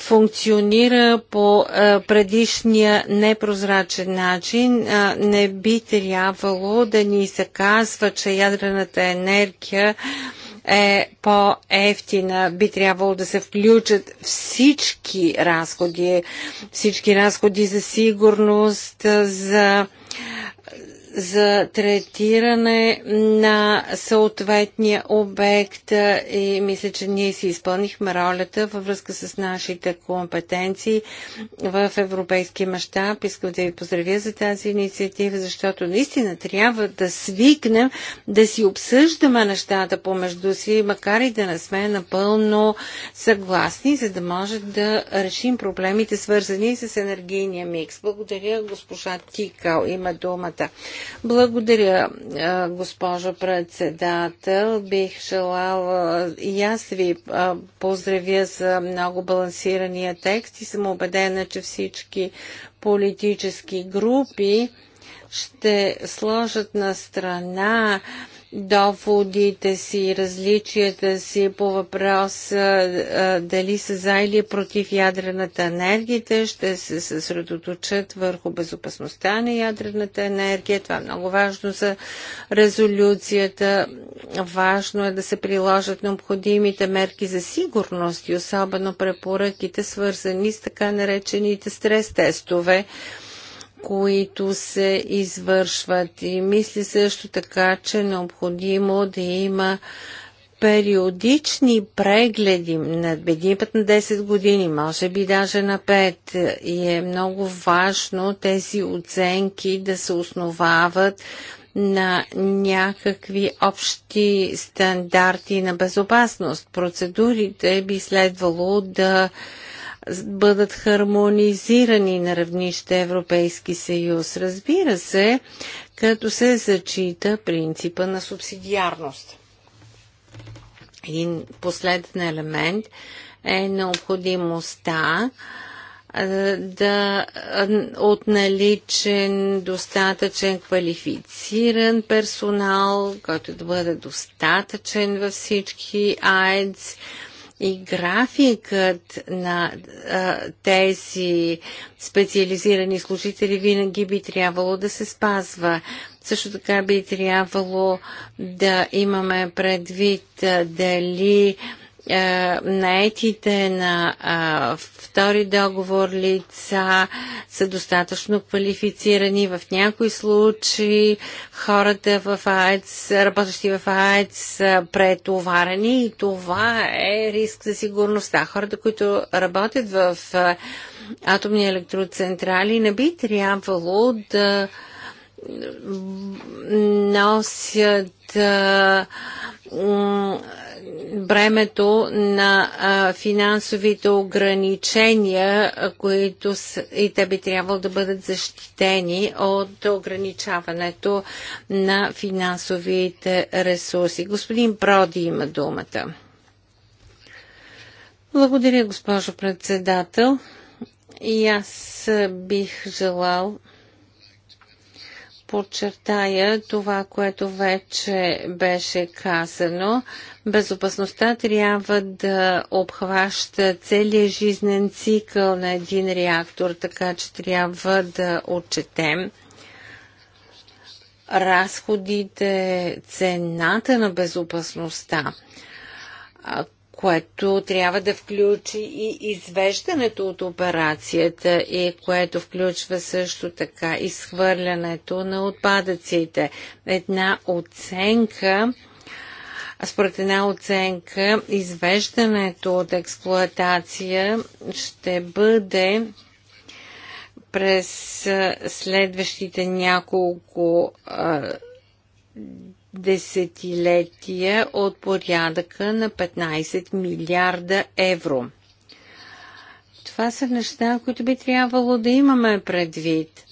функционира по предишния непрозрачен начин. Не би трябвало да ни се казва, че ядрената енергия е по-ефтина. Би трябвало да се включат всички разходи, всички разходи за сигурност, за за третиране на съответния обект и мисля, че ние си изпълнихме ролята във връзка с нашите компетенции в европейски мащаб. Искам да ви поздравя за тази инициатива, защото наистина трябва да свикнем да си обсъждаме нещата помежду си, макар и да не сме напълно съгласни, за да може да решим проблемите свързани с енергийния микс. Благодаря госпожа Тикал. Има думата. Благодаря, госпожо председател. Бих желала и аз ви поздравя за много балансирания текст и съм убедена, че всички политически групи ще сложат на страна доводите си, различията си по въпроса дали са за или против ядрената енергия, ще се съсредоточат върху безопасността на ядрената енергия. Това е много важно за резолюцията. Важно е да се приложат необходимите мерки за сигурност и особено препоръките, свързани с така наречените стрес-тестове които се извършват. И мисля също така, че е необходимо да има периодични прегледи на един път на 10 години, може би даже на 5. И е много важно тези оценки да се основават на някакви общи стандарти на безопасност. Процедурите би следвало да бъдат хармонизирани на равнище Европейски съюз. Разбира се, като се зачита принципа на субсидиарност. Един последен елемент е необходимостта да, от наличен достатъчен квалифициран персонал, който да бъде достатъчен във всички АЕЦ, и графикът на а, тези специализирани служители винаги би трябвало да се спазва. Също така би трябвало да имаме предвид а, дали а, е, наетите на а, втори договор лица са достатъчно квалифицирани. В някои случаи хората в АЕЦ, работещи в АЕЦ са претоварени и това е риск за сигурността. Хората, които работят в а, атомни електроцентрали, не би трябвало да носят а, бремето на финансовите ограничения, които и те би трябвало да бъдат защитени от ограничаването на финансовите ресурси. Господин Проди има думата. Благодаря, госпожо председател. И аз бих желал подчертая това, което вече беше казано. Безопасността трябва да обхваща целият жизнен цикъл на един реактор, така че трябва да отчетем разходите, цената на безопасността което трябва да включи и извеждането от операцията и което включва също така изхвърлянето на отпадъците. Една оценка според една оценка, извеждането от експлоатация ще бъде през следващите няколко а, десетилетия от порядъка на 15 милиарда евро. Това са неща, които би трябвало да имаме предвид.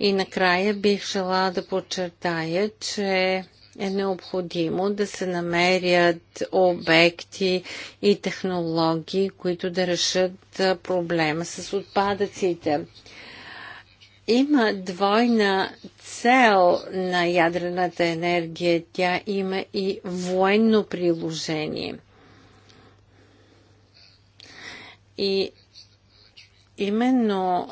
И накрая бих желала да подчертая, че е необходимо да се намерят обекти и технологии, които да решат проблема с отпадъците има двойна цел на ядрената енергия. Тя има и военно приложение. И именно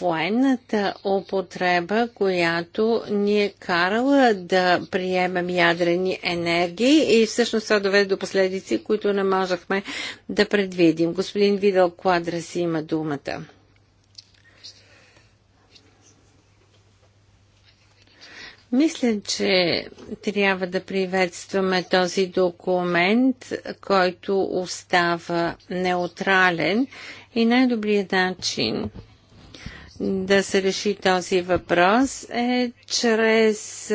военната употреба, която ни е карала да приемем ядрени енергии и всъщност това доведе до последици, които не можехме да предвидим. Господин Видал Квадрас има думата. Мисля, че трябва да приветстваме този документ, който остава неутрален и най-добрият начин да се реши този въпрос е чрез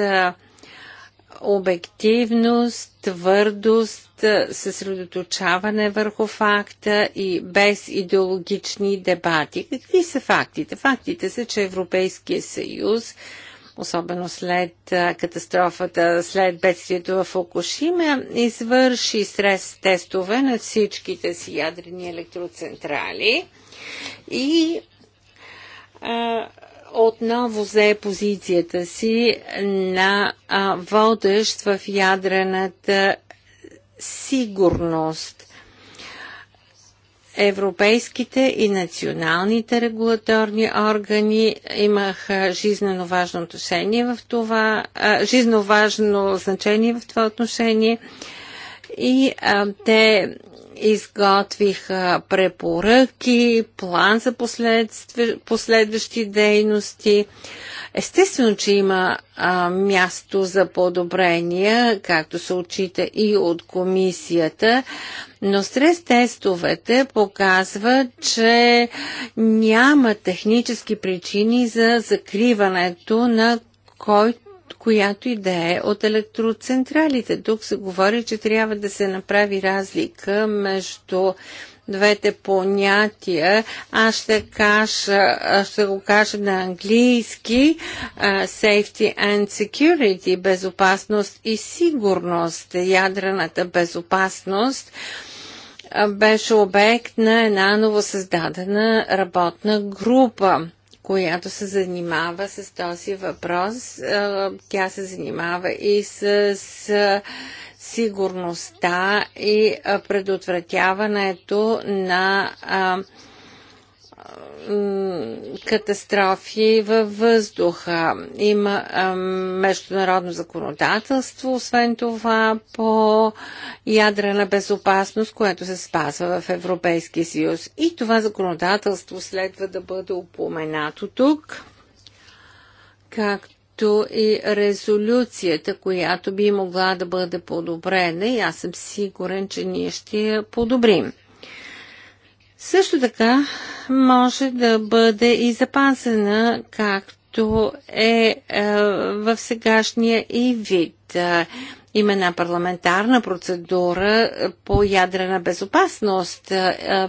обективност, твърдост, съсредоточаване върху факта и без идеологични дебати. Какви са фактите? Фактите са, че Европейския съюз особено след катастрофата, след бедствието в Фукушима, извърши стрес тестове на всичките си ядрени електроцентрали и а, отново взе позицията си на а, водещ в ядрената сигурност Европейските и националните регулаторни органи имаха жизненно важно отношение в това, а, жизненно важно значение в това отношение и а, те изготвиха препоръки, план за последващи дейности. Естествено, че има а, място за подобрения, както се отчита и от комисията, но стрес-тестовете показват, че няма технически причини за закриването на който която и да е от електроцентралите. Тук се говори, че трябва да се направи разлика между двете понятия. Аз ще, кажа, ще го кажа на английски safety and security, безопасност и сигурност, ядрената безопасност беше обект на една новосъздадена работна група която се занимава с този въпрос. Е, тя се занимава и с сигурността и предотвратяването на катастрофи във въздуха. Има а, международно законодателство, освен това по ядрена безопасност, което се спазва в Европейския съюз. И това законодателство следва да бъде упоменато тук, както и резолюцията, която би могла да бъде подобрена и аз съм сигурен, че ние ще я подобрим. Също така може да бъде и запазена, както е, е в сегашния и вид. Има една парламентарна процедура по ядрена безопасност. Е, е,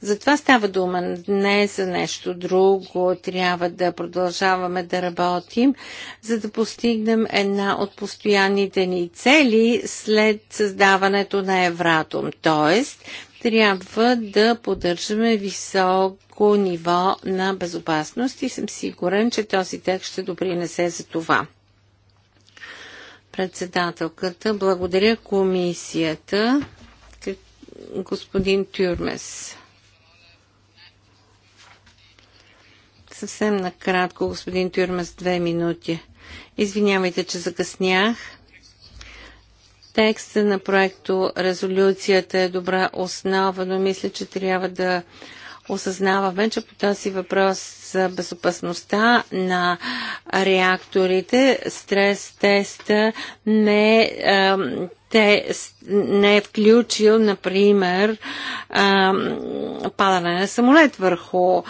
Затова става дума, не е за нещо друго. Трябва да продължаваме да работим, за да постигнем една от постоянните ни цели след създаването на евратум. Тоест, трябва да поддържаме високо ниво на безопасност и съм сигурен, че този текст ще допринесе за това. Председателката, благодаря комисията, господин Тюрмес. Съвсем накратко, господин Тюрмес, две минути. Извинявайте, че закъснях. Текста на проекто резолюцията е добра основа, но мисля, че трябва да осъзнаваме, че по този въпрос за безопасността на реакторите, стрес теста не е те не е включил, например, падане на самолет върху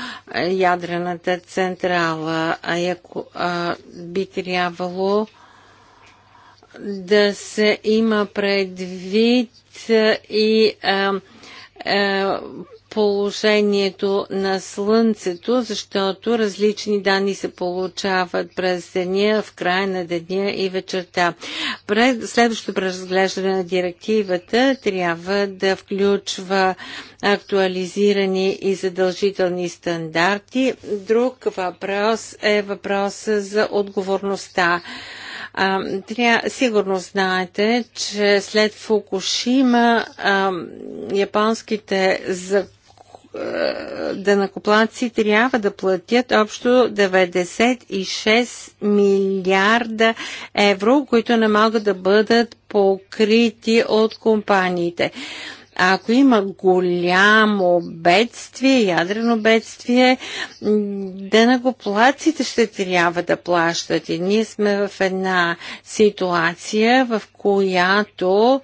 ядрената централа, а ако би трябвало да се има предвид и а, а, положението на Слънцето, защото различни данни се получават през деня, в края на деня и вечерта. Пред следващото преразглеждане на директивата трябва да включва актуализирани и задължителни стандарти. Друг въпрос е въпроса за отговорността тря, сигурно знаете, че след Фукушима японските за трябва да платят общо 96 милиарда евро, които не могат да бъдат покрити от компаниите ако има голямо бедствие, ядрено бедствие, денагоплаците ще трябва да плащат. И ние сме в една ситуация, в която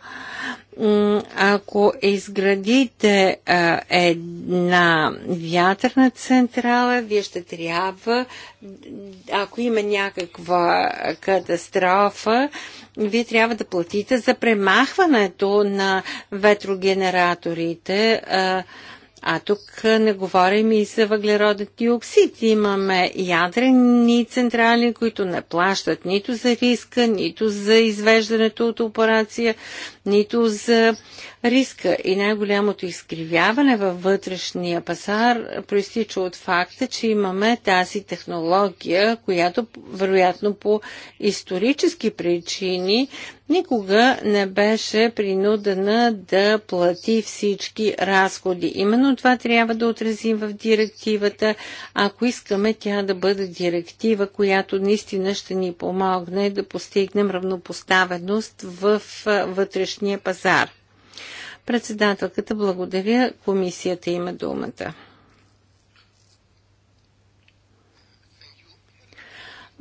ако изградите една вятърна централа, вие ще трябва, ако има някаква катастрофа, вие трябва да платите за премахването на ветрогенераторите. А, тук не говорим и за въглероден диоксид. Имаме ядрени централи, които не плащат нито за риска, нито за извеждането от операция нито за риска. И най-голямото изкривяване във вътрешния пазар проистича от факта, че имаме тази технология, която вероятно по исторически причини никога не беше принудена да плати всички разходи. Именно това трябва да отразим в директивата, ако искаме тя да бъде директива, която наистина ще ни помогне да постигнем равнопоставеност в вътрешния вътрешния пазар. Председателката благодаря. Комисията има думата.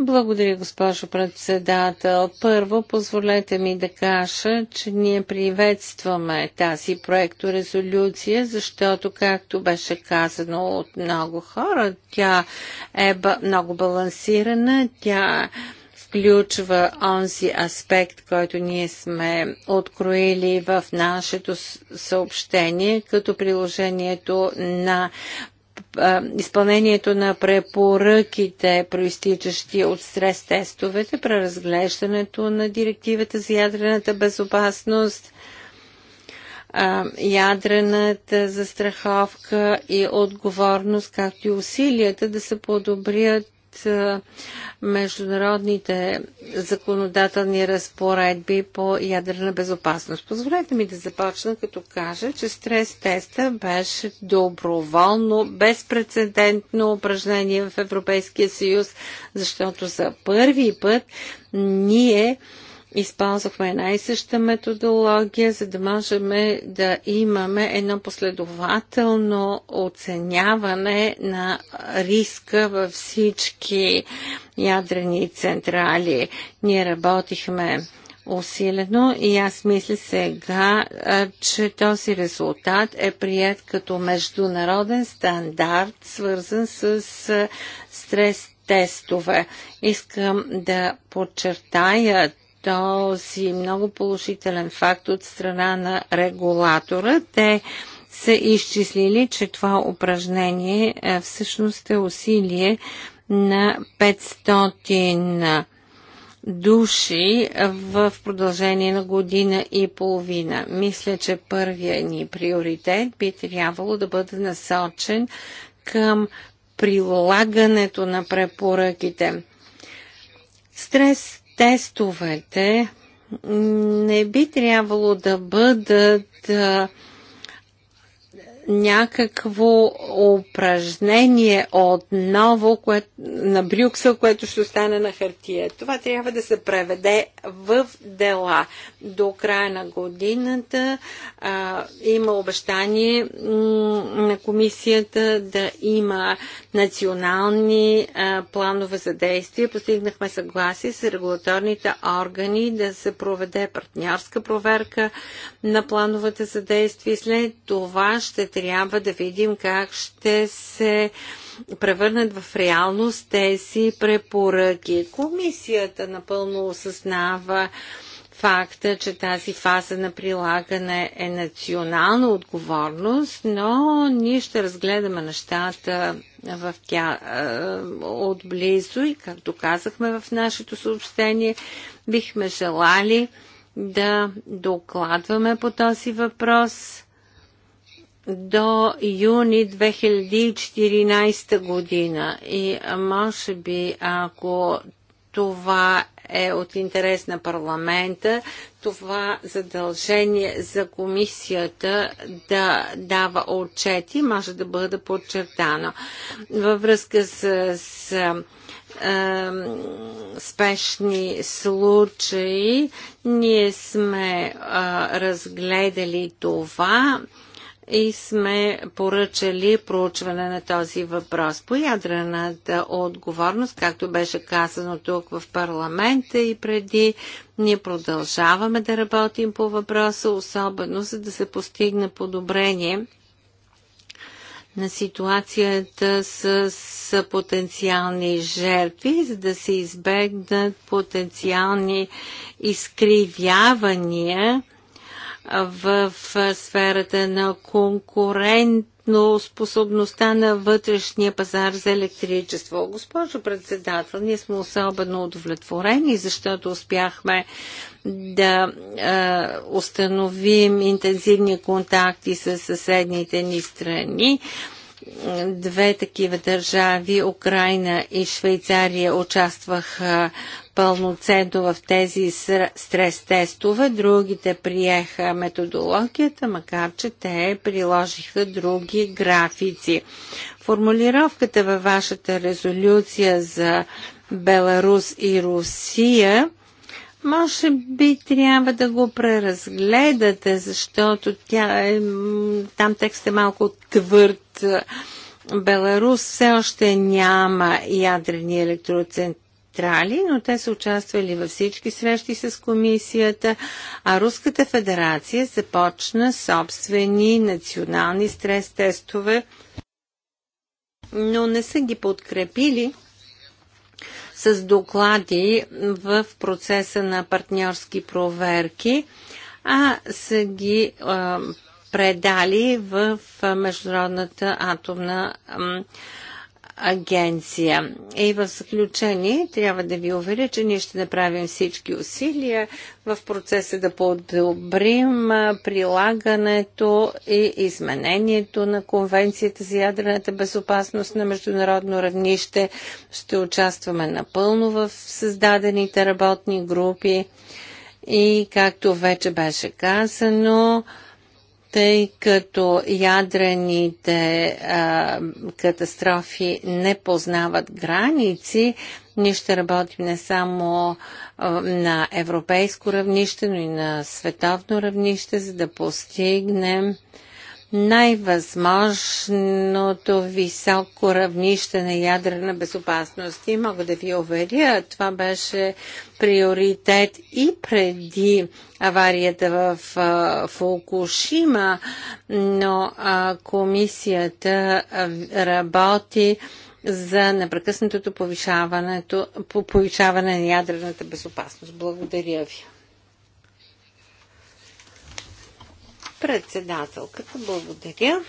Благодаря, госпожо председател. Първо, позволете ми да кажа, че ние приветстваме тази проекторезолюция, защото, както беше казано от много хора, тя е много балансирана, тя е изключва онзи аспект, който ние сме откроили в нашето съобщение, като приложението на изпълнението на препоръките, проистичащи от стрес-тестовете, преразглеждането на директивата за ядрената безопасност, ядрената застраховка и отговорност, както и усилията да се подобрят международните законодателни разпоредби по ядрена безопасност. Позволете ми да започна като кажа, че стрес-теста беше доброволно, безпредседентно упражнение в Европейския съюз, защото за първи път ние използвахме една и съща методология, за да можем да имаме едно последователно оценяване на риска във всички ядрени централи. Ние работихме усилено и аз мисля сега, че този резултат е прият като международен стандарт, свързан с стрес тестове. Искам да подчертая, този много положителен факт от страна на регулатора. Те са изчислили, че това упражнение е, всъщност е усилие на 500 души в продължение на година и половина. Мисля, че първия ни приоритет би трябвало да бъде насочен към прилагането на препоръките. Стрес Тестовете не би трябвало да бъдат някакво упражнение отново кое, на Брюксел, което ще остане на хартия. Това трябва да се преведе в дела. До края на годината а, има обещание на комисията да има национални а, планове за действие. Постигнахме съгласие с регулаторните органи да се проведе партньорска проверка на плановете за действие. След това ще трябва да видим как ще се превърнат в реалност тези препоръки. Комисията напълно осъзнава факта, че тази фаза на прилагане е национална отговорност, но ние ще разгледаме нещата в тя, е, отблизо и, както казахме в нашето съобщение, бихме желали да докладваме по този въпрос до юни 2014 година. И може би, ако това е от интерес на парламента, това задължение за комисията да дава отчети може да бъде подчертано. Във връзка с, с е, спешни случаи, ние сме е, разгледали това. Е, и сме поръчали проучване на този въпрос. По ядрената отговорност, както беше казано тук в парламента и преди, ние продължаваме да работим по въпроса, особено за да се постигне подобрение на ситуацията с, с потенциални жертви, за да се избегнат потенциални изкривявания в сферата на конкурентно способността на вътрешния пазар за електричество. Госпожо председател, ние сме особено удовлетворени, защото успяхме да е, установим интензивни контакти с съседните ни страни. Е, две такива държави, Украина и Швейцария, участваха пълноценно в тези стрес-тестове. Другите приеха методологията, макар че те приложиха други графици. Формулировката във вашата резолюция за Беларус и Русия може би трябва да го преразгледате, защото тя е, там текст е малко твърд. Беларус все още няма ядрени електроцентрали, но те са участвали във всички срещи с комисията, а Руската федерация започна собствени национални стрес тестове, но не са ги подкрепили с доклади в процеса на партньорски проверки, а са ги предали в Международната атомна агенция. И в заключение трябва да ви уверя, че ние ще направим всички усилия в процеса да подобрим прилагането и изменението на Конвенцията за ядрената безопасност на международно равнище. Ще участваме напълно в създадените работни групи и, както вече беше казано, тъй като ядрените а, катастрофи не познават граници, ние ще работим не само а, на европейско равнище, но и на световно равнище, за да постигнем а, най-възможното високо равнище на ядрена безопасност. И мога да ви уверя, това беше приоритет и преди аварията в Фукушима, но комисията работи за непрекъснатото повишаването, повишаване на ядрената безопасност. Благодаря ви. Председателката, благодаря.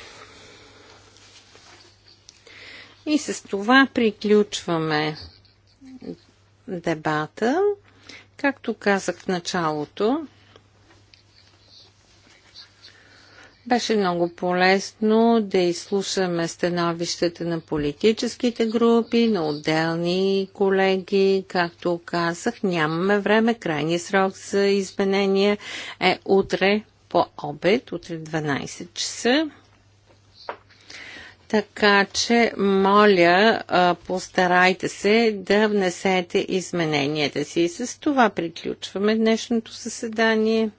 И с това приключваме дебата. Както казах в началото, Беше много полезно да изслушаме становищата на политическите групи, на отделни колеги. Както казах, нямаме време. Крайният срок за изменение е утре по обед, утре в 12 часа. Така че, моля, постарайте се да внесете измененията си. И с това приключваме днешното съседание.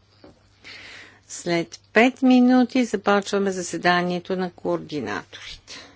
След 5 минути започваме заседанието на координаторите.